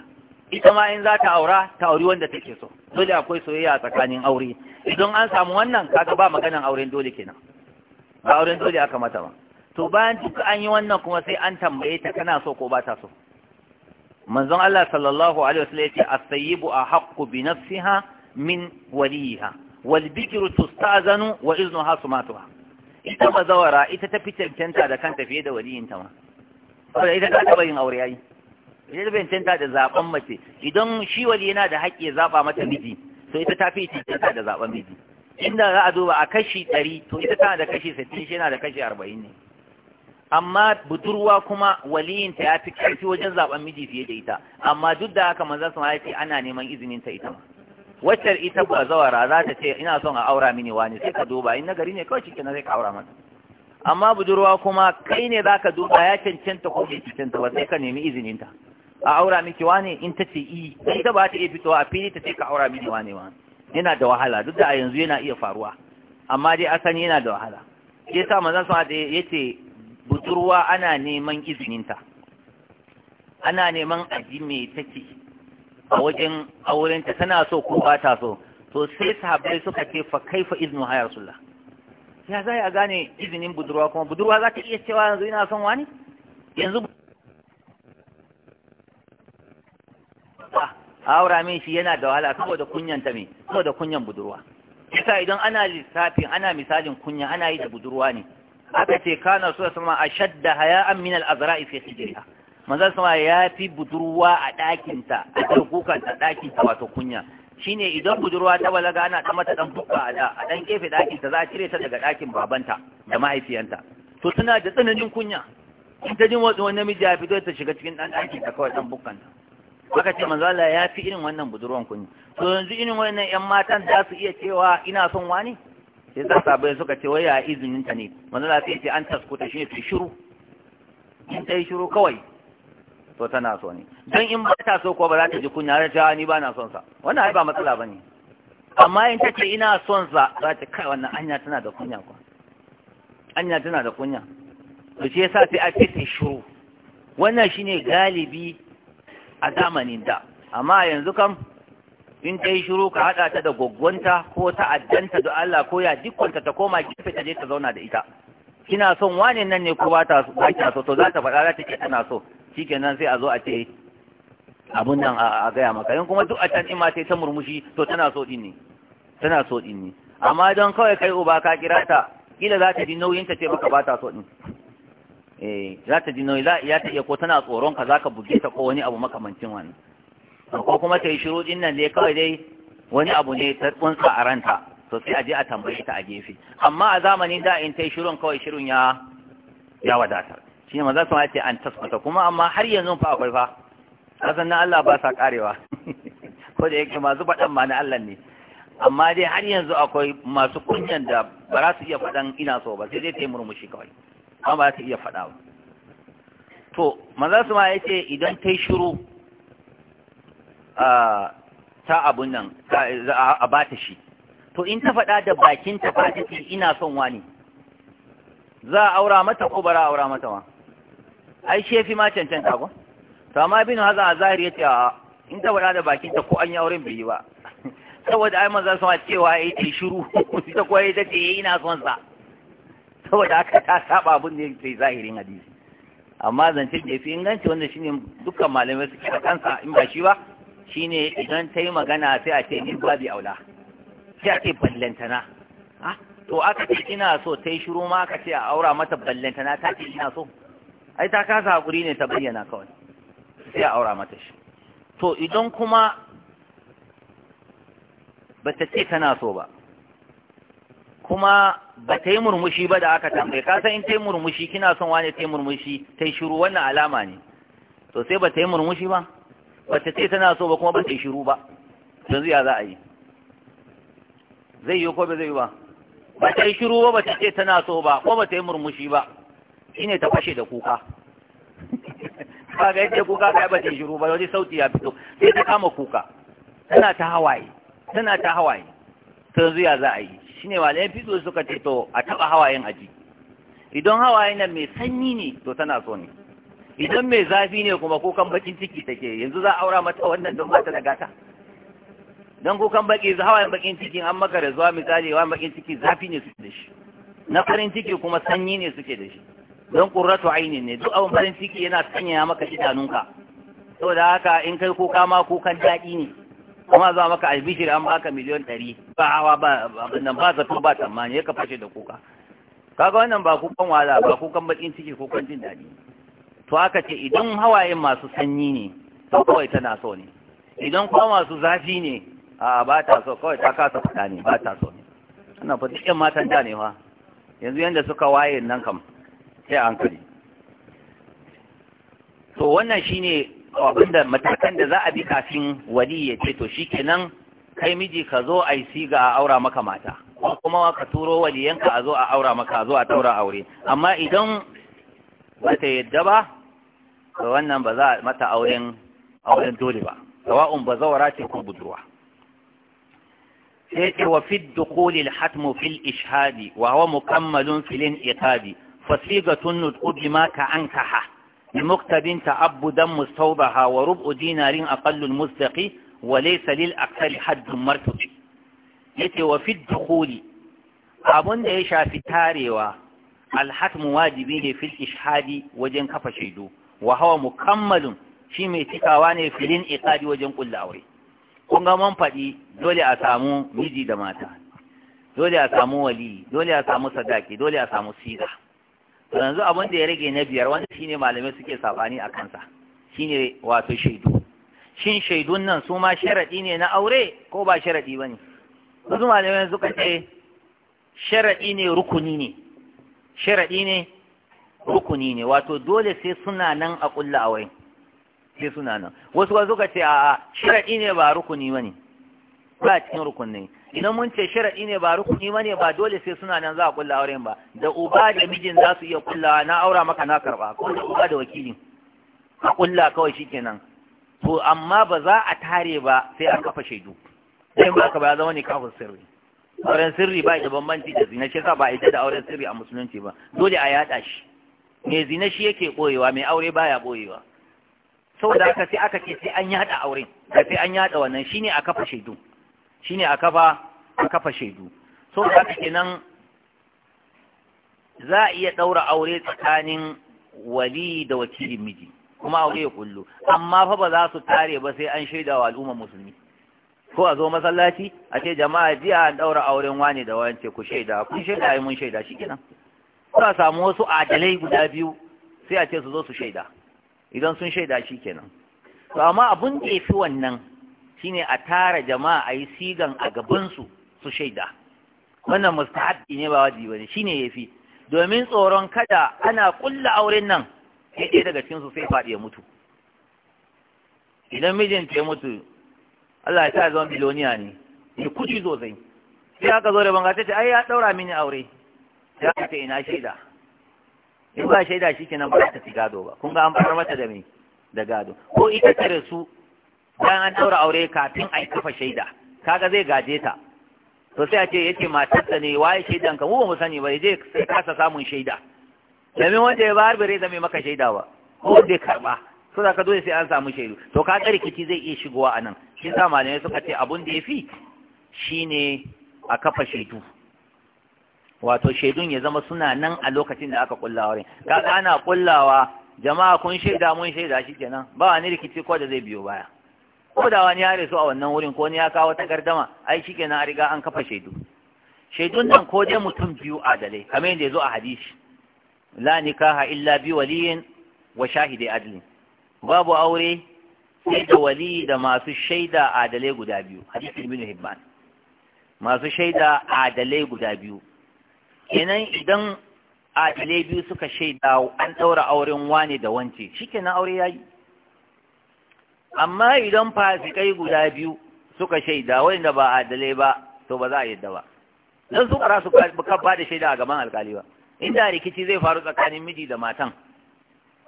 ita ma in za ta aura ta auri wanda take so dole akwai soyayya a tsakanin aure idan an samu wannan kaga ba maganan auren dole kenan ba auren dole aka mata ba to bayan duk an yi wannan kuma sai an tambaye ta kana so ko ba ta so manzon Allah sallallahu alaihi wasallam yace as a ahaqqu bi nafsiha min waliha wal bikru tustazanu wa iznu iznuha sumatuha ita bazawara ita ta fi cancanta da kanta fiye da waliyinta ma saboda ita ta taɓa yin aure yayi ita ta cancanta da zaben mace idan shi wali yana da haƙƙi ya zaba mata miji to ita ta fi cancanta da zaben miji inda za a duba a kashi ɗari to ita tana da kashi sittin shi yana da kashi 40 ne amma budurwa kuma waliyin ya yafi karfi wajen zaɓen miji fiye da ita amma duk da haka manzo sun ce ana neman izinin ta ita wacce ita ba zawara za ta ce ina son a aura mini wani sai ka duba in nagari ne kawai cikin sai ka aura mata amma budurwa kuma kai ne za ka duba ya cancanta ko bai cancanta ba sai ka nemi izinin ta a aura miki wani in ta ce i ita ba ta iya fitowa a fili ta ce ka aura mini wani ma yana da wahala duk da a yanzu yana iya faruwa amma dai asani yana da wahala ya yasa manzo sun ya ce budurwa ana neman izininta ana neman aji mai take a wajen aurenta tana so ko ba ta so to sai sahabbai suka ce fa kaifa iznu haya rasulullah ya za a gane izinin budurwa kuma budurwa za ta iya cewa yanzu ina son wani yanzu aura min shi yana da wahala saboda kunyan ta me saboda kunyan budurwa kisa idan ana lissafin ana misalin kunya ana yi da budurwa ne aka ce kana su sama a shadda an min al-azra'i fi hijriha manzo sama ya fi budurwa a ɗakinta a kukan ta ɗakinta wato kunya Shi ne idan budurwa ta balaga ana ta mata ɗan bukka a ɗan a ɗakinta, kefe za a cire ta daga ɗakin babanta da mahaifiyanta to tana da tsananin kunya in ta jin wani namiji ya fito ta shiga cikin ɗan ɗakin ta kawai ɗan bukan ta aka ce manzo Allah ya fi irin wannan budurwan kunya to yanzu irin wannan ƴan matan za su iya cewa ina son wani sai sa abin suka ce wai ya izinin ta ne manzo Allah sai ce an taskuta shi ne ta shiru in ta yi shiru kawai to tana so ne don in ba ta so ko ba za ta ji kunya ta ni ba na sonsa. wannan ai ba matsala ne. amma in ta ce ina sonsa. za ta kai wannan anya tana da kunya ko anya tana da kunya to shi yasa sai a ce ta shiru wannan shine galibi a zamanin da amma yanzu kam in ta yi shiru ka haɗa ta da gwaggwanta ko ta addanta da Allah ko ya jikwanta ta koma gefe ta je ta zauna da ita kina son wane nan ne ko ba ta so to za ta faɗa za ta ke tana so shikenan sai a zo a ce abun nan a gaya maka in kuma duk a can ima sai ta murmushi to tana so din ne tana so din ne amma don kawai kai uba ka kira ta kila za ta ji nauyin ta ce maka ba ta so din eh za ta ji nauyi za ta iya ko tana tsoron ka zaka buge ta ko wani abu makamancin wannan ko kuma ta yi shiru din nan dai kawai dai wani abu ne ta tsunsa a ranta to sai a je a tambaye ta a gefe amma a zamanin da in ta yi shirun kawai shirun ya ya wadatar shi ne maza su ma ce an tasmata kuma amma har yanzu fa akwai fa kasan na Allah ba sa karewa ko da yake masu faɗan ma na Allah ne amma dai har yanzu akwai masu kunyan da ba za su iya faɗan ina so ba sai dai ta yi murmushi kawai amma ba za su iya faɗa ba to maza su ma ya ce idan ta yi shiru ta abun nan a bata shi to in ta faɗa da bakin ta fata ce ina son wani za a aura mata ko bara aura mata wa ai shefi ma cancanta ko to amma bin haza a zahiri ya ce a in ta faɗa da bakin ta ko an yi auren bai yi ba saboda ai manzan sama cewa ya ce shiru ita kuwa ya ce eh, ina son sa saboda haka ta saba abin da ya zahirin hadisi amma zancen da ya fi inganci wanda shine dukkan malamai suke a kansa in ba shi ba shine idan ta yi magana sai a ce ni babi aula sai a ce ballantana ah, to aka ce ina so ta yi shiru ma aka ce a aura mata ballantana ta ce ina so ai ta kasa hakuri ne ta bayyana kawai sai a aura mata shi to idan kuma ba ta ce tana so ba kuma ba ta yi murmushi ba da aka tambaye ka san in ta yi murmushi kina son wane ta yi murmushi ta yi shiru wannan alama ne to sai ba ta yi murmushi ba wacce ce tana so ba kuma ba ta yi shiru ba don ya za a yi zai yi ko ba zai yi ba ba ta yi shiru ba ba ta ce tana so ba ko ba ta yi murmushi ba ne ta fashe da kuka ba ga yadda kuka ga ba ta yi shiru ba wani sauti ya fito sai ta kama kuka tana ta hawaye tana ta hawaye Don yanzu ya za a yi wale 'Yan fito suka ce to a taba hawayen aji idan hawayen nan mai sanyi ne to tana so ne idan mai zafi ne kuma kukan bakin ciki take yanzu za a aura mata wannan don mata da gata don kukan baki za hawa bakin ciki an maka da zuwa misali wa bakin ciki zafi ne suke da shi na farin ciki kuma sanyi ne suke da shi don ƙurratu ainihin ne duk abin farin ciki yana sanyaya maka idanunka saboda haka in kai kuka ma kukan daɗi ne kuma za maka albishir an baka miliyon ɗari ba hawa ba abin nan ba zato ba tsammani ya ka fashe da kuka kaga wannan ba kukan wahala ba kukan bakin ciki kukan jin daɗi to aka ce idan hawayen masu sanyi ne to kawai tana so ne idan kuma masu zafi ne a ba ta so kawai ta kasa fita ne ba ta so ne ana fa duk matan da ne fa yanzu yanda suka waye nan kam sai an kare to wannan shine abinda matakan da za a bi kafin wali ya ce to shikenan kai miji ka zo a yi siga a aura maka mata kuma ka turo waliyanka a zo a aura maka a zo a taura aure amma idan ba ta yadda ba ga wannan ba za mata auren dole ba, sawa’un ba zaura ce ko budurwa. Sai ce wa fit dukoli hatmu fil ishadi, wa hawa filin ikadi, fasi ga tunnut ubi maka an kaha, ni muktabin ta’abbudan mustaubaha wa rubu dinarin a kallon mustaƙi wa laisalil a kari haddun martubi. Yake wa fit dukoli, abin da ya shafi tarewa, alhatmu wajibi ne fil ishadi wajen kafa shaidu. wa hawa mukammalun shi mai cikawa ne filin iqadi wajen kulla aure kun ga mun faɗi dole a samu miji da mata dole a samu wali dole a samu sadaki dole a samu siga yanzu abin da ya rage na biyar wanda shine malamai suke sabani a kansa shine wato shaidu shin shaidun nan su ma sharaɗi ne na aure ko ba sharaɗi ba ne wasu malamai suka ce sharaɗi ne rukuni ne sharaɗi ne rukuni ne wato dole sai suna nan a kulla awai. sai suna nan wasu wasu ka ce a sharaɗi ne ba rukuni ba ne ba cikin rukuni idan mun ce sharaɗi ne ba rukuni ba ne ba dole sai suna nan za a kulla auren ba da uba da mijin za su iya kullawa na aura maka na karɓa ko da uba da wakili. a kulla kawai shikenan to amma ba za a tare ba sai an kafa shaidu sai ba ka ba zama ne kafin sirri auren sirri ba da bambanci da zina shi sa ba yi da auren sirri a musulunci ba dole a yaɗa shi mai zina shi yake ɓoyewa mai aure baya ɓoyewa Sau da haka sai aka ce sai an yada auren da sai an yada wannan shine a kafa shaidu shine a kafa shaidu. Sau da aka haka kenan za a iya ɗaura aure tsakanin wali da wakilin miji kuma aure ya kullu amma fa ba za su tare ba sai an shaida wa al'umma musulmi ko a zo masallaci a ce jama'a jiya an ɗaura auren wani da wani ce, ku shaida kun shaida ai mun shaida shi kenan? suka samu wasu adalai guda biyu sai a ce su zo su shaida idan sun shaida shi kenan to amma abun da ya fi wannan shine a tara jama'a a yi sigan a gabansu su shaida wannan mustahabi ne ba wajibi bane shine yafi domin tsoron kada ana kulla auren nan sai ɗaya daga cikin su sai faɗi ya mutu idan mijin ya mutu Allah ya sa zama biloniya ne ya kuci sosai sai aka zo da banga ta ce ai ya daura mini aure ya ce ina shaida in ba shaida shi kenan ba ta fi gado ba kun ga an fara mata da me da gado ko ita ta rasu bayan an daura aure kafin a kafa shaida kaga zai gaje ta to sai a ce yace ta ne waye shaidan ka mu ba mu sani ba je sai kasa samun shaida domin wanda ya bayar bare zame maka shaida ba ko da karba so da ka dole sai an samu shaidu to ka ga rikici zai iya shigowa anan shi sa malamai suka ce abun da ya yafi shine a kafa shaidu wato shaidun ya zama suna nan a lokacin da aka kullawa wurin kaga ana kullawa jama'a kun shaida mun shaida shi kenan ba wani rikici ko da zai biyo baya ko da wani ya resu a wannan wurin ko ni ya kawo ta gardama ai shi kenan a riga an kafa shaidu shaidun nan ko dai mutum biyu adalai kamar yadda ya zo a hadisi la nikaha illa bi waliyin wa shahidi adli babu aure sai da wali da masu shaida adalai guda biyu hadisi ibn hibban masu shaida adalai guda biyu kenan idan adalai biyu suka shaida an ɗaura auren wani da wance kenan aure ya yi. amma idan fasikai guda biyu suka shaida wanda ba adalai ba to ba za a yadda ba don su ƙara su ba da shaida a gaban alkali ba inda rikici zai faru tsakanin miji da matan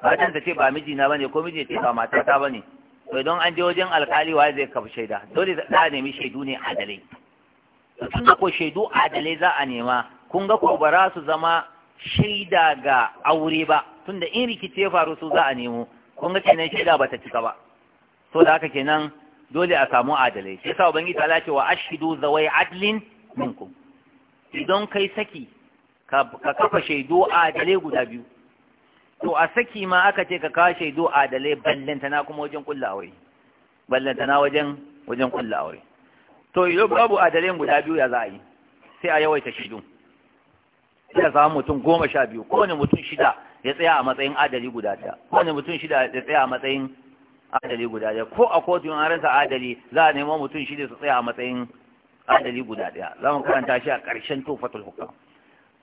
matan ta ce ba miji na bane ko miji ce ba ta bane to idan an je wajen alkali wa zai kafa shaida dole za a nemi shaidu ne adalai tun da ko shaidu adalai za a nema kun ga ko ba za su zama shaida ga aure ba tunda in rikice faru su za a nemo kun ga kenan shaida ba ta cika ba so da haka kenan dole a samu adalai shi yasa ubangiji ta lace wa ashidu zawai adlin minkum idan kai saki ka kafa shaidu adalai guda biyu to a saki ma aka ce ka kawo shaidu adalai ballantana kuma wajen kulla aure ballantana wajen wajen kulla aure to idan babu adalai guda biyu ya za a yi sai a yawaita shaidu ya samu mutum goma sha biyu kowane mutum shida ya tsaya a matsayin adali guda ɗaya kowane mutum shida ya tsaya a matsayin adali guda ɗaya ko a kotun an rasa adali za a nemo mutum shida su tsaya a matsayin adali guda ɗaya za mu karanta shi a ƙarshen tofatul hukam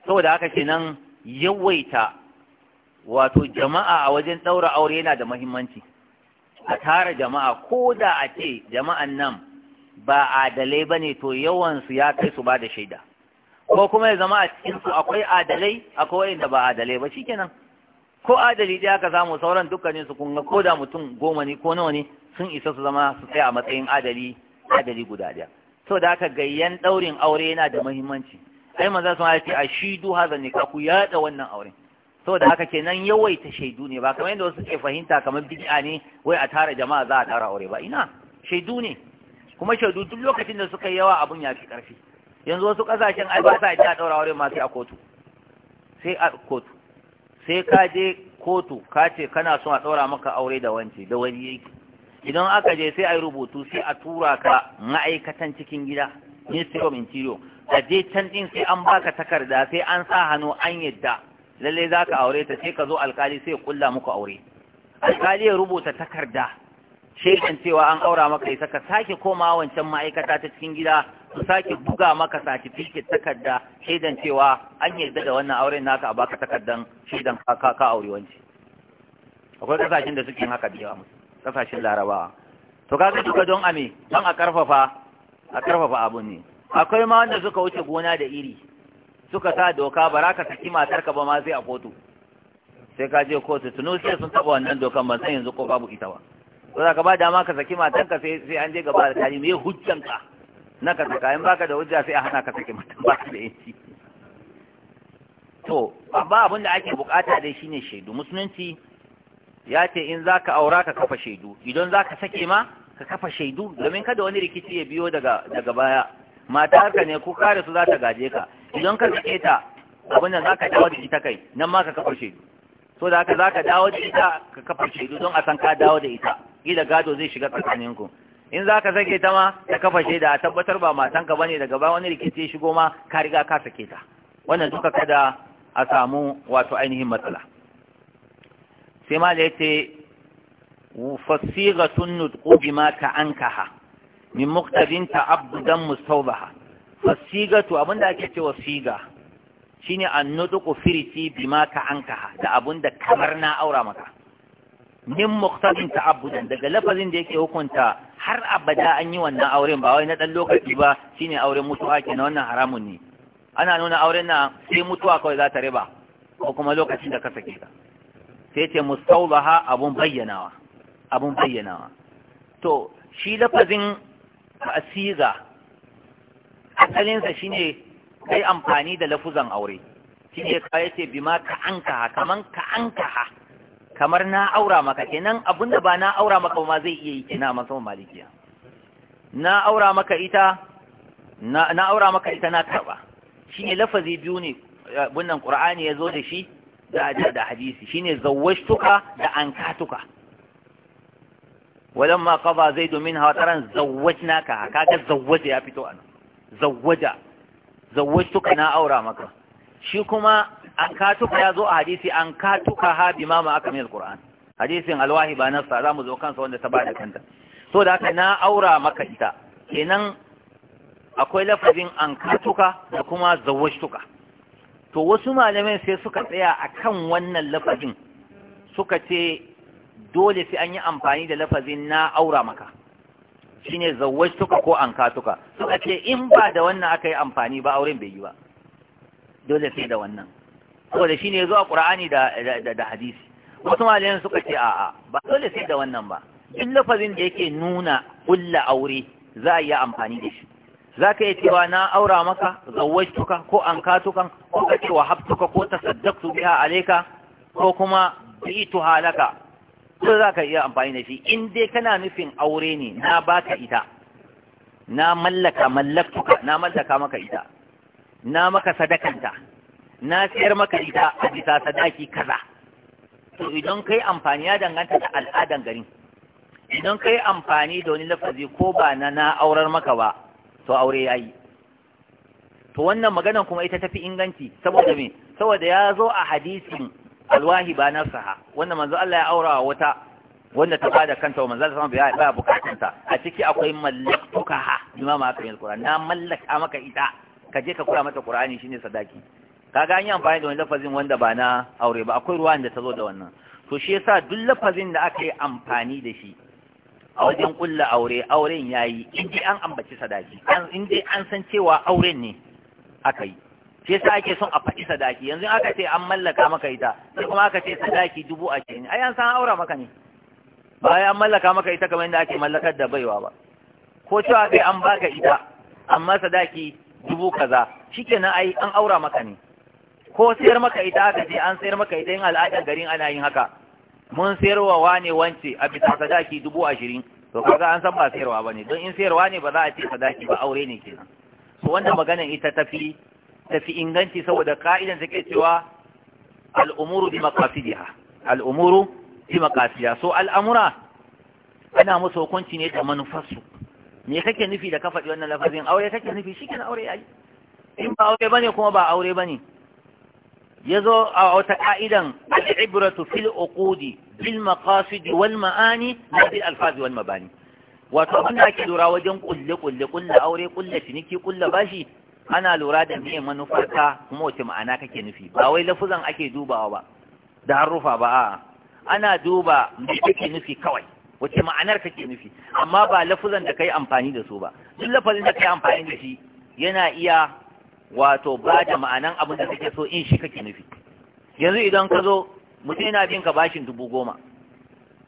saboda haka kenan yawaita wato jama'a a wajen ɗaura aure yana da muhimmanci a tara jama'a ko da a ce jama'an nan ba adalai ba ne to yawansu ya kai su ba da shaida ko kuma ya zama a cikin akwai adalai akwai wanda ba adalai ba shi kenan ko adali dai aka samu sauran dukkanin su kun ko da mutum goma ne ko nawa ne sun isa su zama su tsaya a matsayin adali adali guda daya so da aka gayyan daurin aure yana da muhimmanci ai maza sun ce a shidu haza ne ka ku yada wannan auren da haka kenan yawaita shaidu ne ba kamar yadda wasu ke fahimta kamar bid'a ne wai a tara jama'a za a tara aure ba ina shaidu ne kuma shaidu duk lokacin da suka yi yawa abun ya fi karfi yanzu wasu kasashen ai ba sa ji daura aure ma sai a kotu sai a kotu sai ka je kotu ka ce kana son a daura maka aure da wance da wani yake idan aka je sai a rubutu sai a tura ka ma'aikatan cikin gida ministry of interior ka je can din sai an baka takarda sai an sa hannu an yadda lalle zaka aure ta sai ka zo alkali sai ya kulla muku aure alkali ya rubuta takarda shaidan cewa an aura maka isa ka sake koma wancan ma'aikata ta cikin gida su sake buga maka certificate takarda shaidan cewa an yarda da wannan auren naka a baka takardan shaidan ka ka aure wanci akwai kasashen da suke haka biya musu, kasashen larabawa to kaga duka don ame don a karfafa a karfafa abun ne akwai ma wanda suka wuce gona da iri suka sa doka ba za ka saki matarka ba ma sai a kotu sai ka je kotu sai sun taba wannan dokan ban san yanzu ko babu ita ba ko za ka ba dama ka saki matanka sai an je gaba da tari me hujjanka na ka saka in baka da hujja sai a hana ka sake mutum ba da yanci to amma abin da ake bukata dai shine shaidu musulunci ya ce in za ka aura ka kafa shaidu idan za ka sake ma ka kafa shaidu domin kada wani rikici ya biyo daga daga baya matarka ne ko kare su za ta gaje ka idan ka sake ta abin da za ka dawo da ita kai nan ma ka kafa shaidu so da haka ka dawo da ita ka kafa shaidu don a san ka dawo da ita kila gado zai shiga tsakaninku in za ka sake ta ma ta kafa shaida a tabbatar ba matanka bane daga ba wani rikici shigo ma ka riga ka sake ta wannan duka kada a samu wato ainihin matsala sai ma da yace fasighatun nutqu bima ta'ankaha min muqtadin ta'abdudan to fasigatu abinda ake cewa siga shine an firiti firti bima ankaha, da abinda kamar na aura maka min muqtadin ta'abbudan daga lafazin da yake hukunta har abada an yi wannan auren ba wai na dan lokaci ba shine auren mutuwa kenan wannan haramun ne ana nuna auren na sai mutuwa kawai za ta riba ko kuma lokacin da ka sake ta sai ce mustawdaha abun bayyanawa abun bayyanawa to shi lafazin asiga asalinsa shine kai amfani da lafuzan aure shine kai ce bima ka ankaha kaman ka anka kamar na aura maka kenan abinda ba na aura maka ma zai iya yi kenan masa malikiya na aura maka ita na na aura maka ita na karba shine lafazi biyu ne bunnan qur'ani yazo da shi da da hadisi shine zawwashtuka da ankatuka ولما قضى زيد منها وترا زوجناك كذا زوج يا فتو انا زوجا زوجتك na aura maka. shi kuma an katuka ya zo a hadisi an katuka ha bi mama aka mai alquran hadisin alwahi ba nasa za mu zo kansa wanda ta bada kanta so da haka na aura maka ita kenan akwai lafazin an katuka da kuma tuka. to wasu malamai sai suka tsaya akan wannan lafazin suka ce dole sai an yi amfani da lafazin na aura maka shine tuka ko an katuka suka ce in ba da wannan aka yi amfani ba auren bai yi ba dole sai da wannan saboda shi ne zuwa ƙura'ani da hadisi wasu malayan suka ce a'a ba dole sai da wannan ba duk lafazin da yake nuna ƙulla aure za a yi amfani da shi za ka iya cewa na aura maka zawajtuka ko an tuka ko ka ce wa haftuka ko ta saddaktu biha alaika ko kuma bitu halaka ko za ka iya amfani da shi in dai kana nufin aure ne na baka ita na mallaka mallaktuka na mallaka maka ita na maka sadakanta na siyar maka ita a bisa sadaki kaza to idan kai amfani ya danganta da al'adan gari, idan kai amfani da wani lafazi ko ba na na aurar maka ba to aure ya yi. to wannan maganan kuma ita tafi inganci saboda me saboda ya zo a hadisin alwahi ba na saha, wannan manzo Allah ya aura wata wanda ta bada kanta wa manzo Allah ba a ciki akwai mallaktuka ha imama na mallaka maka ita ka je ka kura mata qur'ani shine sadaki kaga an yi amfani da wani lafazin wanda ba na aure ba akwai ruwan da ta zo da wannan to shi yasa duk lafazin da aka yi amfani da shi a wajen kulla aure auren yayi in dai an ambaci sadaki an in dai an san cewa auren ne aka yi shi yasa ake son a faɗi sadaki yanzu aka ce an mallaka maka ita sai kuma aka ce sadaki dubu ashirin ai an san aura maka ne ba an mallaka maka ita kamar yadda ake mallakar da baiwa ba ko cewa kai an baka ita amma sadaki dubu kaza shikenan ai an aura maka ne ko sayar maka ita aka ce an sayar maka ita yin al'adar garin ana yin haka mun sayarwa wane wance a bisa sadaki dubu ashirin to kaga an san ba sayarwa ba ne don in sayarwa ne ba za a ce sadaki ba aure ne kenan so wanda magana ita tafi tafi inganci saboda ka'idan take cewa al'umuru bi maqasidiha al'umuru bi maqasidiha so al'amura ana musu hukunci ne da manufarsu me kake nufi da ka faɗi wannan lafazin aure kake nufi shi kenan aure yayi in ba aure bane kuma ba aure bane Ya zo a wata ka'idan al-ibratu fil uqudi bil maqasid wal ma'ani la bil alfaz wal mabani wato abin ake lura wajen kulle kulle kulle aure kulle ciniki kulle bashi ana lura da me manufarka kuma wace ma'ana kake nufi ba wai lafuzan ake dubawa ba da harufa ba a'a ana duba me kake nufi kawai wace ma'anar kake nufi amma ba lafuzan da kai amfani da su ba duk lafazin da kai amfani da shi yana iya wato ba da ma'anan abin da kake so in shi kake nufi yanzu idan ka zo mutum yana bin ka bashin dubu goma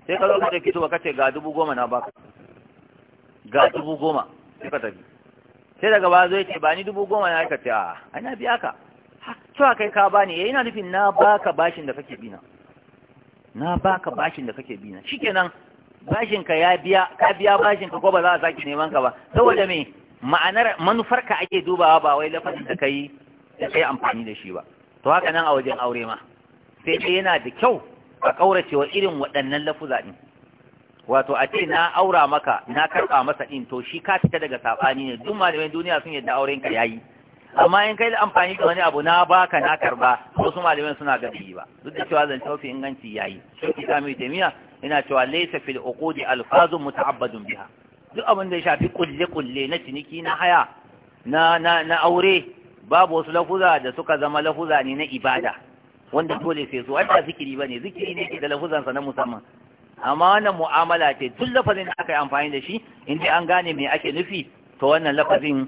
sai ka zo ka ɗauki ka ce ga dubu goma na baka ga dubu goma sai ka tafi sai daga baya zo ya ce ba ni dubu goma na ka ce a ana biya ka cewa kai ka bani yayi eh, na nufin na baka bashin da kake bina na baka bashin da kake bina shikenan bashinka ya biya ka biya bashinka ko ba za a sake neman ka ba saboda me ma'anar manufar ka ake dubawa ba wai lafazin da kai da kai amfani da shi ba to haka nan a wajen aure ma sai dai yana da kyau a kaurace wa irin waɗannan lafuza din wato a ce na aura maka na karɓa masa din to shi ka fita daga sabani ne duk malamai duniya sun yadda aurenka yayi amma in kai amfani da wani abu na baka na karba wasu malamin suna gabi ba duk da cewa zan tafi inganci yayi shi ta mai jamia? ina cewa laysa fil uqudi alfazun muta'abbadun biha duk abin da ya shafi kulle kulle na ciniki na haya na aure babu wasu lafuza da suka zama lafuza ne na ibada wanda dole sai su wanda zikiri bane zikiri ne ke da lafuzansa na musamman amma wannan mu'amala ce duk lafazin da aka yi amfani da shi in an gane me ake nufi to wannan lafazin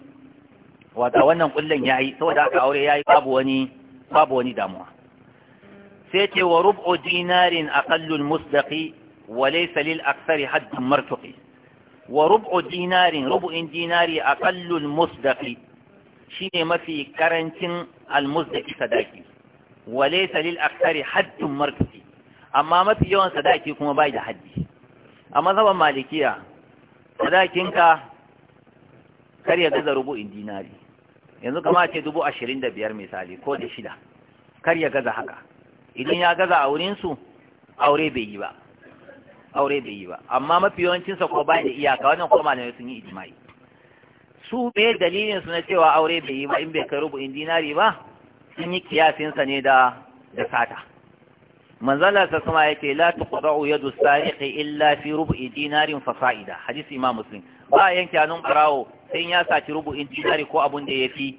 wata wannan ya yi saboda aka aure ya yi, wani babu wani damuwa sai ce wa rub'u dinarin a al musdaki, wa salil aksari haddin martuki. martuqi wa rub'u dinarin rub'in dinari aqallu al-musdaqi shine mafi karancin al sadaki Wale salil aksari haddin martuki. amma mafi yawan sadaki kuma bai da haddi a mazhaban malikiya sadakinka kar ya gaza rubu'in dinari yanzu kama ce dubu ashirin da biyar misali ko da shida kar ya gaza haka idan ya gaza a wurinsu aure bai yi ba aure bai yi ba amma mafi yawancinsa ko ba da iyaka wannan kuma malamai sun yi ijma'i su me dalilin su na cewa aure bai yi ba in bai kai in dinari ba sun yi kiyasinsa ne da da sata manzala sa kuma yake la tuqra'u yadu ya illa fi rubu'i dinarin fa fa'ida hadisi imam muslim ba a yanke hannun barawo sai ya saci rubu'in dinari ko abun da ya fi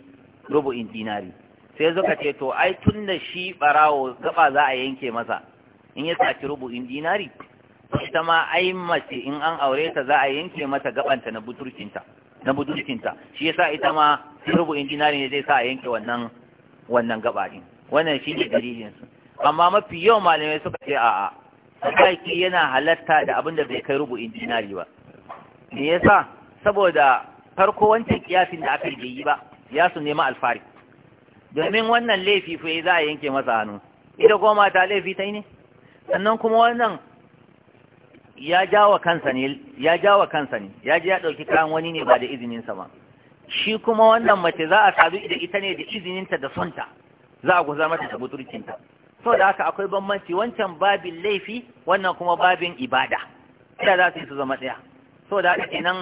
rubu'in dinari sai suka ce to ai tun da shi ɓarawo gaba za a yanke masa in ya saci rubu'in dinari ita ma ai mace in an aure ta za a yanke mata gabanta na budurcinta na budurcinta shi yasa ita ma rubu'in dinari ne zai sa a yanke wannan wannan gaba din wannan shi ne dalilin su amma mafi yawan malamai suka ce a'a sadaki yana halatta da abin da bai kai rubu'in dinari ba me ya sa saboda farko wancan kiyasin da aka yi ba ya su nema alfari domin wannan laifi fa za a yanke masa hannu ita goma ta laifi ta ne sannan kuma wannan ya jawa kansa ne ya jawa kansa ne ya ji ya ɗauki kan wani ne ba da izinin sa ba shi kuma wannan mace za a sadu da ita ne da izininta da sonta za a guzar mata da so da haka akwai bambanci wancan babin laifi wannan kuma babin ibada ita za su yi su zama ɗaya so da haka kenan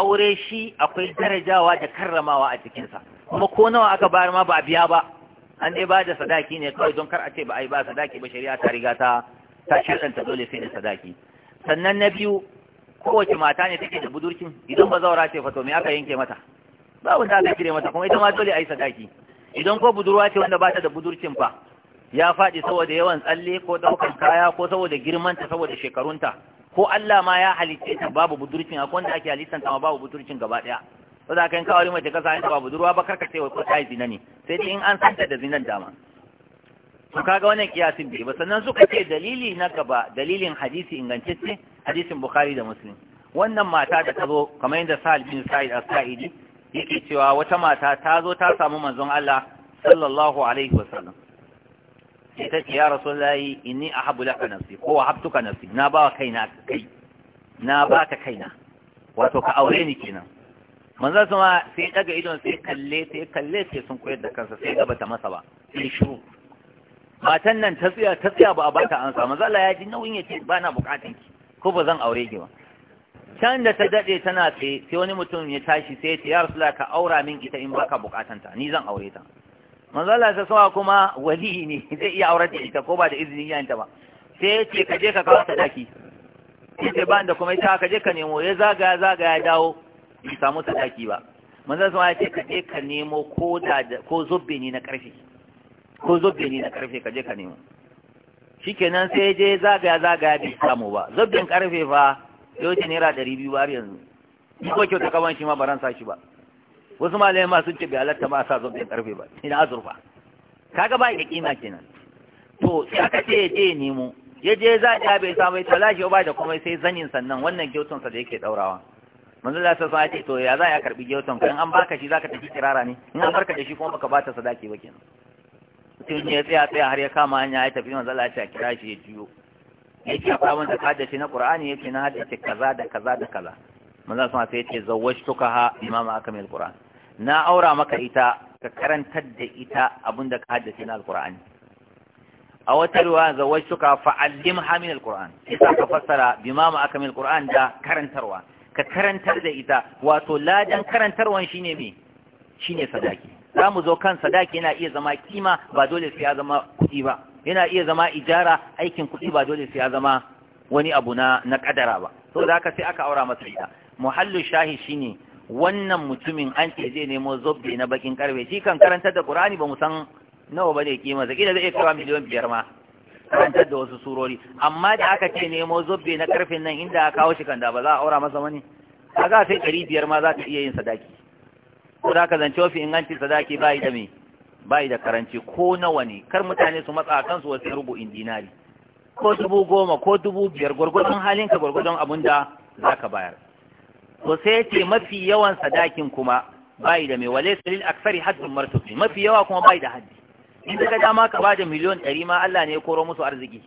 aure shi akwai darajawa da karramawa a cikinsa kuma ko nawa aka bayar ma ba a biya ba an dai ba da sadaki ne kawai don kar a ce ba a yi ba sadaki ba shari'a ta riga ta ta shirɗanta dole sai da sadaki sannan na biyu kowace mata ne take da budurcin idan ba zaura ce fato me aka yanke mata babu ta aka kire mata kuma ita ma dole a yi sadaki idan ko budurwa ce wanda ba ta da budurcin fa ya faɗi saboda yawan tsalle ko ɗaukar kaya ko saboda girmanta saboda shekarunta ko Allah ma ya halitta ta babu budurcin akwai wanda ake halittan ta babu budurcin gaba ɗaya saboda haka in kawai mace kasa ta babu budurwa ba karka ce ko ta yi zina ne sai dai in an santa da zinan dama to kaga wannan kiyasin bai ba sannan suka ce dalili na gaba dalilin hadisi ingantacce hadisin bukhari da muslim wannan mata da ta zo kamar yadda sa'al bin sa'id as-sa'idi yake cewa wata mata ta zo ta samu manzon Allah sallallahu alaihi wasallam sai ta ce ya ni inni Habu laka nafsi ko ahabtuka nafsi na ba kaina kai na ba ka kaina wato ka aure ni kenan manzo sama sai daga idon sai kalle sai kalle sai sun koyar da kansa sai gaba ta masa ba sai shiru matan nan ta tsaya ta tsaya ba a bata ansa manzo Allah ya ji nauyin ce ba na bukatun ki ko ba zan aure ki ba can da ta dade tana tsaye sai wani mutum ya tashi sai ya ce ya rasu ka aura min ita in baka bukatanta ni zan aure ta manzo Allah ta sawa kuma wali ne zai iya aurar da ita ko ba da izinin yayanta ba sai ya ce ka je ka kawo sadaki sai ce ba da kuma ita ka je ka nemo ya zaga ya dawo bai samu sadaki ba manzo sama ya ce ka je ka nemo ko da ko zubbe ne na karfe ko zubbe ne na karfe ka je ka nemo shikenan sai je zaga ya bai samu ba zubben karfe fa yau ce naira ɗari biyu ba har yanzu ni ko kyauta kaman shi ma baran sa shi ba wasu malamai ma sun ce bai halatta ba sa zobe karfe ba ina azurfa kaga ba ya kima kenan to sai aka ce ya je nemo ya je za a bai samu ita talashi ba da kuma sai zanin sannan wannan gyauton sa da yake daurawa manzo Allah sai sai to ya za a karbi gyauton kan an baka shi zaka tafi kirara ne in an barka da shi kuma baka bata sadaki ba kenan ne ya tsaya tsaya har ya kama hanya ya tafi manzo Allah ya kira shi ya jiyo ya ce akwai wanda ka shi na Qur'ani yake na hadisi kaza da kaza da kaza manzo Allah sai ya ce zawwajtuka ha imama akamil Qur'an na aura maka ita ka karantar da ita abinda ka haddace na alqur'ani a wata riwaya zawajtuka fa'allimha min alqur'an isa ka fassara bima ma aka min alqur'an da karantarwa ka karantar da ita wato ladan karantarwan shine me shine sadaki za mu zo kan sadaki yana iya zama kima ba dole sai ya zama kuɗi ba yana iya zama ijara aikin kuɗi ba dole sai ya zama wani abu na na kadara ba to da haka sai aka aura masa ita muhallu shahi shine wannan mutumin an ce zai nemo zobbe na bakin karfe shi kan karantar da qur'ani ba mu san nawa bane kima zaki da zai kawo miliyan biyar ma karantar da wasu surori amma da aka ce nemo zobbe na karfin nan inda aka kawo shi kan da ba za a aura masa wani kaga sai ɗari biyar ma za ta iya yin sadaki ko da ka zance wafi inganci sadaki bayi da me bayi da karanci ko nawa ne kar mutane su matsa kansu wasu rubu'in dinari ko dubu goma ko dubu biyar gwargwadon halinka gwargwadon abun da za ka bayar to sai ce mafi yawan sadakin kuma bai da mai wale salil aksari haddun martufi mafi yawa kuma bai da haddi in ka dama ka ba da miliyon ɗari ma Allah ne ya koro musu arziki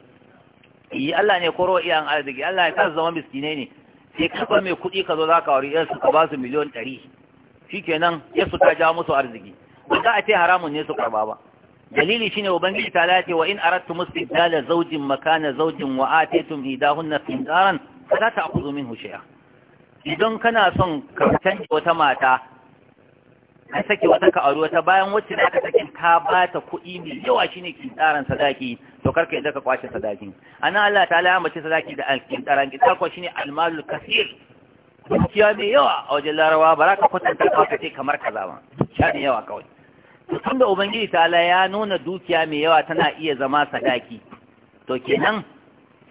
yi eh, Allah ne ya koro iyan arziki Allah ya kasa zama miskinai ne sai kafa mai kuɗi ka zo za ka wari yarsu ka ba su miliyon ɗari shi kenan yarsu ta jawo musu arziki ba za a ce haramun ne su karba ba dalili shine ubangiji ta lati wa in aradtu mustidala zawjin makana zawjin wa atitum idahunna findaran fala ta'khudhu minhu shay'a idan kana son ka canza wata mata ka sake wata ka aure wata bayan wacce da aka sake ka ba ta kuɗi mai yawa shine kintaran sadaki to karka yadda ka kwace A ana Allah ta ya mace sadaki da kintaran kintar shi shine almalul kasir dukiya mai yawa a wajen larawa ba za ka kwatanta ka ka ce kamar kaza ba dukiya mai yawa kawai to tunda ubangiji ta'ala ya nuna dukiya mai yawa tana iya zama sadaki to kenan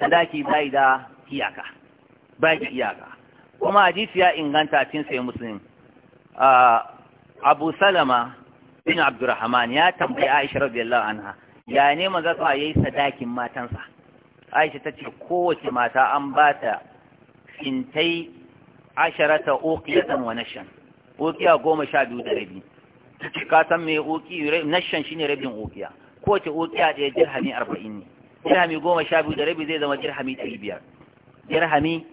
sadaki bai da iyaka bai da iyaka kuma hadisi ya inganta cin sai muslim abu salama bin abdurrahman ya tambayi aisha radiyallahu anha ya ne maza su yi sadakin matansa aisha ta ce kowace mata an ba ta fintai asharata uqiyatan wa nashan uqiya goma sha biyu da rabi ka san me uqi nashan shine rabin uqiya kowace uqiya da dirhami arba'in ne dirhami goma sha biyu da rabi zai zama dirhami ɗari biyar dirhami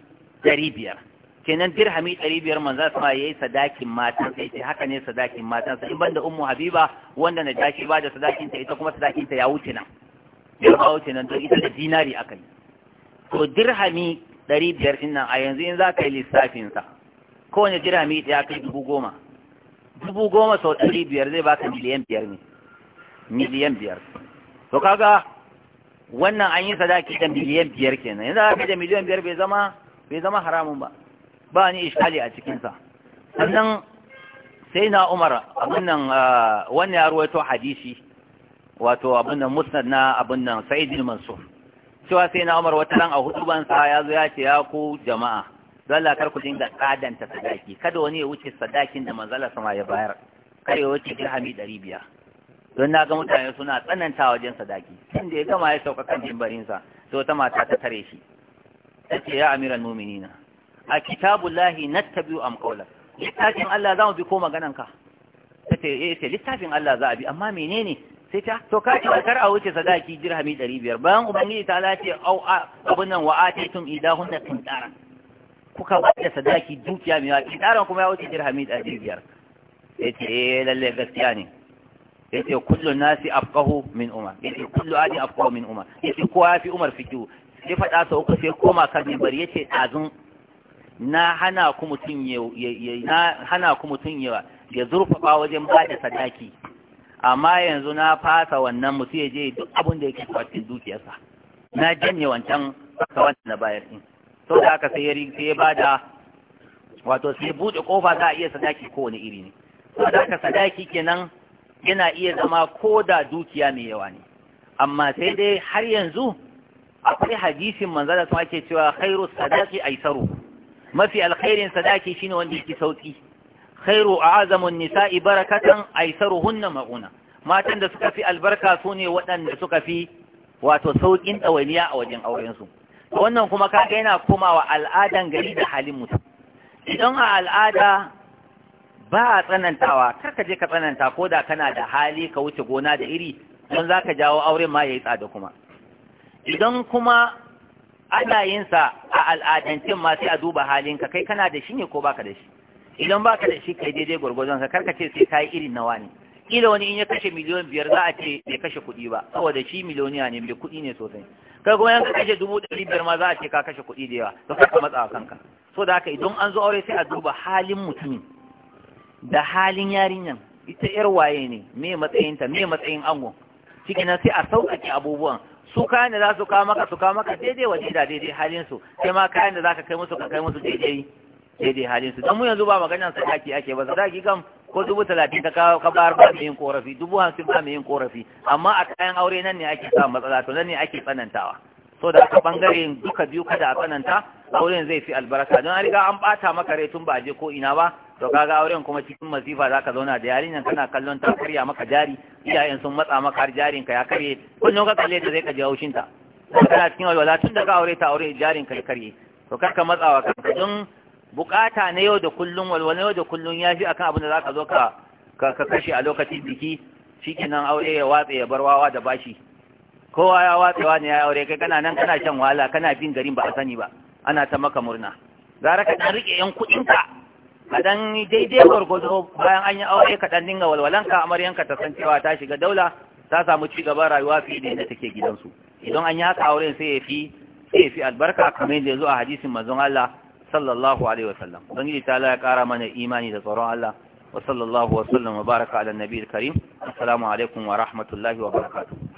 ɗari biyar kenan dirhami ɗari biyar manzo sama yayi sadakin matan sai ce haka ne sadakin matan sai banda ummu habiba wanda na tashi ba da sadakin ta ita kuma sadakin ta ya wuce nan ya wuce nan to ita da dinari akai to dirhami ɗari biyar din nan a yanzu in za ka yi lissafin sa kowane dirhami ɗaya kai dubu goma dubu goma sau ɗari biyar zai baka miliyan biyar ne miliyan biyar to kaga wannan an yi sadaki da miliyan biyar kenan yanzu aka da miliyan biyar bai zama bai zama haramun ba ba ni iskali a cikinsa sannan sai na umar abin nan ah, wannan ya ruwaito hadisi wato abin nan musnad na abin nan sa'idin mansur cewa sai na umar wata ran a hudubansa ya zo ya ce ya ku jama'a don kar ku dinga tsadanta sadaki kada wani ya wuce sadakin da manzala sama ya bayar kada ya wuce dirhami ɗari biyar don na ga mutane suna tsananta wajen sadaki inda ya gama ya sauka kan jimbarinsa to ta mata ta tare shi ta ce ya amiran muminina a kitabullahi nattabi'u am qawlan littafin Allah za mu bi ko magananka tace eh ce littafin Allah za a bi amma menene sai ta to ka ce kar a wuce sadaki dirhami 500 bayan ubangiji ta lati au abun nan wa atitum idahunna qintara kuka bada sadaki dukiya mai yawa qintaran kuma ya wuce dirhami 500 yace eh lalle gaskiya ne yace kullu nasi afqahu min umar yace kullu adi afqahu min umar yace kowa fi umar fiqhu sai fada sa uku sai koma kan bari yace azun na hana ku mutum ya ya zurfafa wajen ba da sadaki amma yanzu na fasa wannan mutu ya je duk abin da yake dukiyarsa na janye wancan kawan na bayar din sau da aka sai ya ba da wato sai buɗe kofa za a iya sadaki kowane iri ne sau da aka sadaki kenan yana iya zama ko da dukiya mai yawa ne amma sai dai har yanzu akwai hadisin manzala sun ake cewa khairu sadaki aisaru mafi alkhairin sadaki shine wanda yake sauki khairu a'azamun nisa'i barakatan aisaruhunna mauna matan da suka fi albarka sune waɗanda suka fi wato saukin ɗawainiya a wajen auren su wannan kuma kaga yana komawa al'adan gari da halin mutum idan a al'ada ba a tsanantawa ka je ka tsananta ko da kana da hali ka wuce gona da iri don za ka jawo auren ma ya yi tsada kuma idan kuma ana yin sa a al'adancin ma sai a duba halin ka kai kana da shi ne ko baka da shi idan baka da shi kai daidai gwargwadon ka karka ce sai kai irin nawa ne kila wani in ya kashe miliyon biyar za a ce bai kashe kuɗi ba saboda shi miliyoniya ne bai kuɗi ne sosai kai kuma ka kashe dubu ɗari biyar ma za a ce ka kashe kuɗi da yawa to ka matsa a kanka so da haka idan an zo aure sai a duba halin mutumin da halin yarinyar ita yar waye ne me matsayinta me matsayin angon cikin nan sai a sauƙaƙe abubuwan su kayan da za su kawo maka su kawo maka daidai wa da daidai halinsu sai ma kayan da za ka kai musu ka kai musu daidai daidai don mu yanzu ba maganar sadaki ake ba sadaki kam ko dubu talatin ka kawo ka bayar ba mai yin korafi dubu hamsin ba mai yin korafi amma a kayan aure nan ne ake samun matsala to nan ne ake tsanantawa so da aka bangare duka biyu kada a tsananta auren zai fi albarka don an riga an bata maka rai tun ba a je ko ina ba to kaga auren kuma cikin masifa zaka zauna da yarinyan kana kallon ta karya maka jari iyayen sun matsa maka har jarin ka ya karye kullum ka kalle ta zai ka jawo shinta kana cikin walwala tun da ka aure ta aure jarin ka ya karye to karka matsawa kanka don bukata na yau da kullun walwala yau da kullun ya fi akan abin da zaka zo ka ka kashe a lokacin biki shikenan aure ya watsa ya bar wawa da bashi kowa ya watsewa ne ya aure kai kana nan kana shan wahala kana bin garin ba a sani ba ana ta maka murna gara ka dan rike yan kuɗinka kadan daidai gwargwado bayan an yi aure ka dan dinga walwalanka amaryanka ta san cewa ta shiga daula ta samu ci gaban rayuwa fiye da yadda take gidansu idan an yi haka auren sai ya fi sai ya fi albarka kamar yadda ya a hadisin manzon Allah sallallahu alaihi wasallam yi ta ya kara mana imani da tsaron Allah wa sallallahu wa sallam wa baraka ala nabiyil karim assalamu alaikum wa rahmatullahi wa barakatuh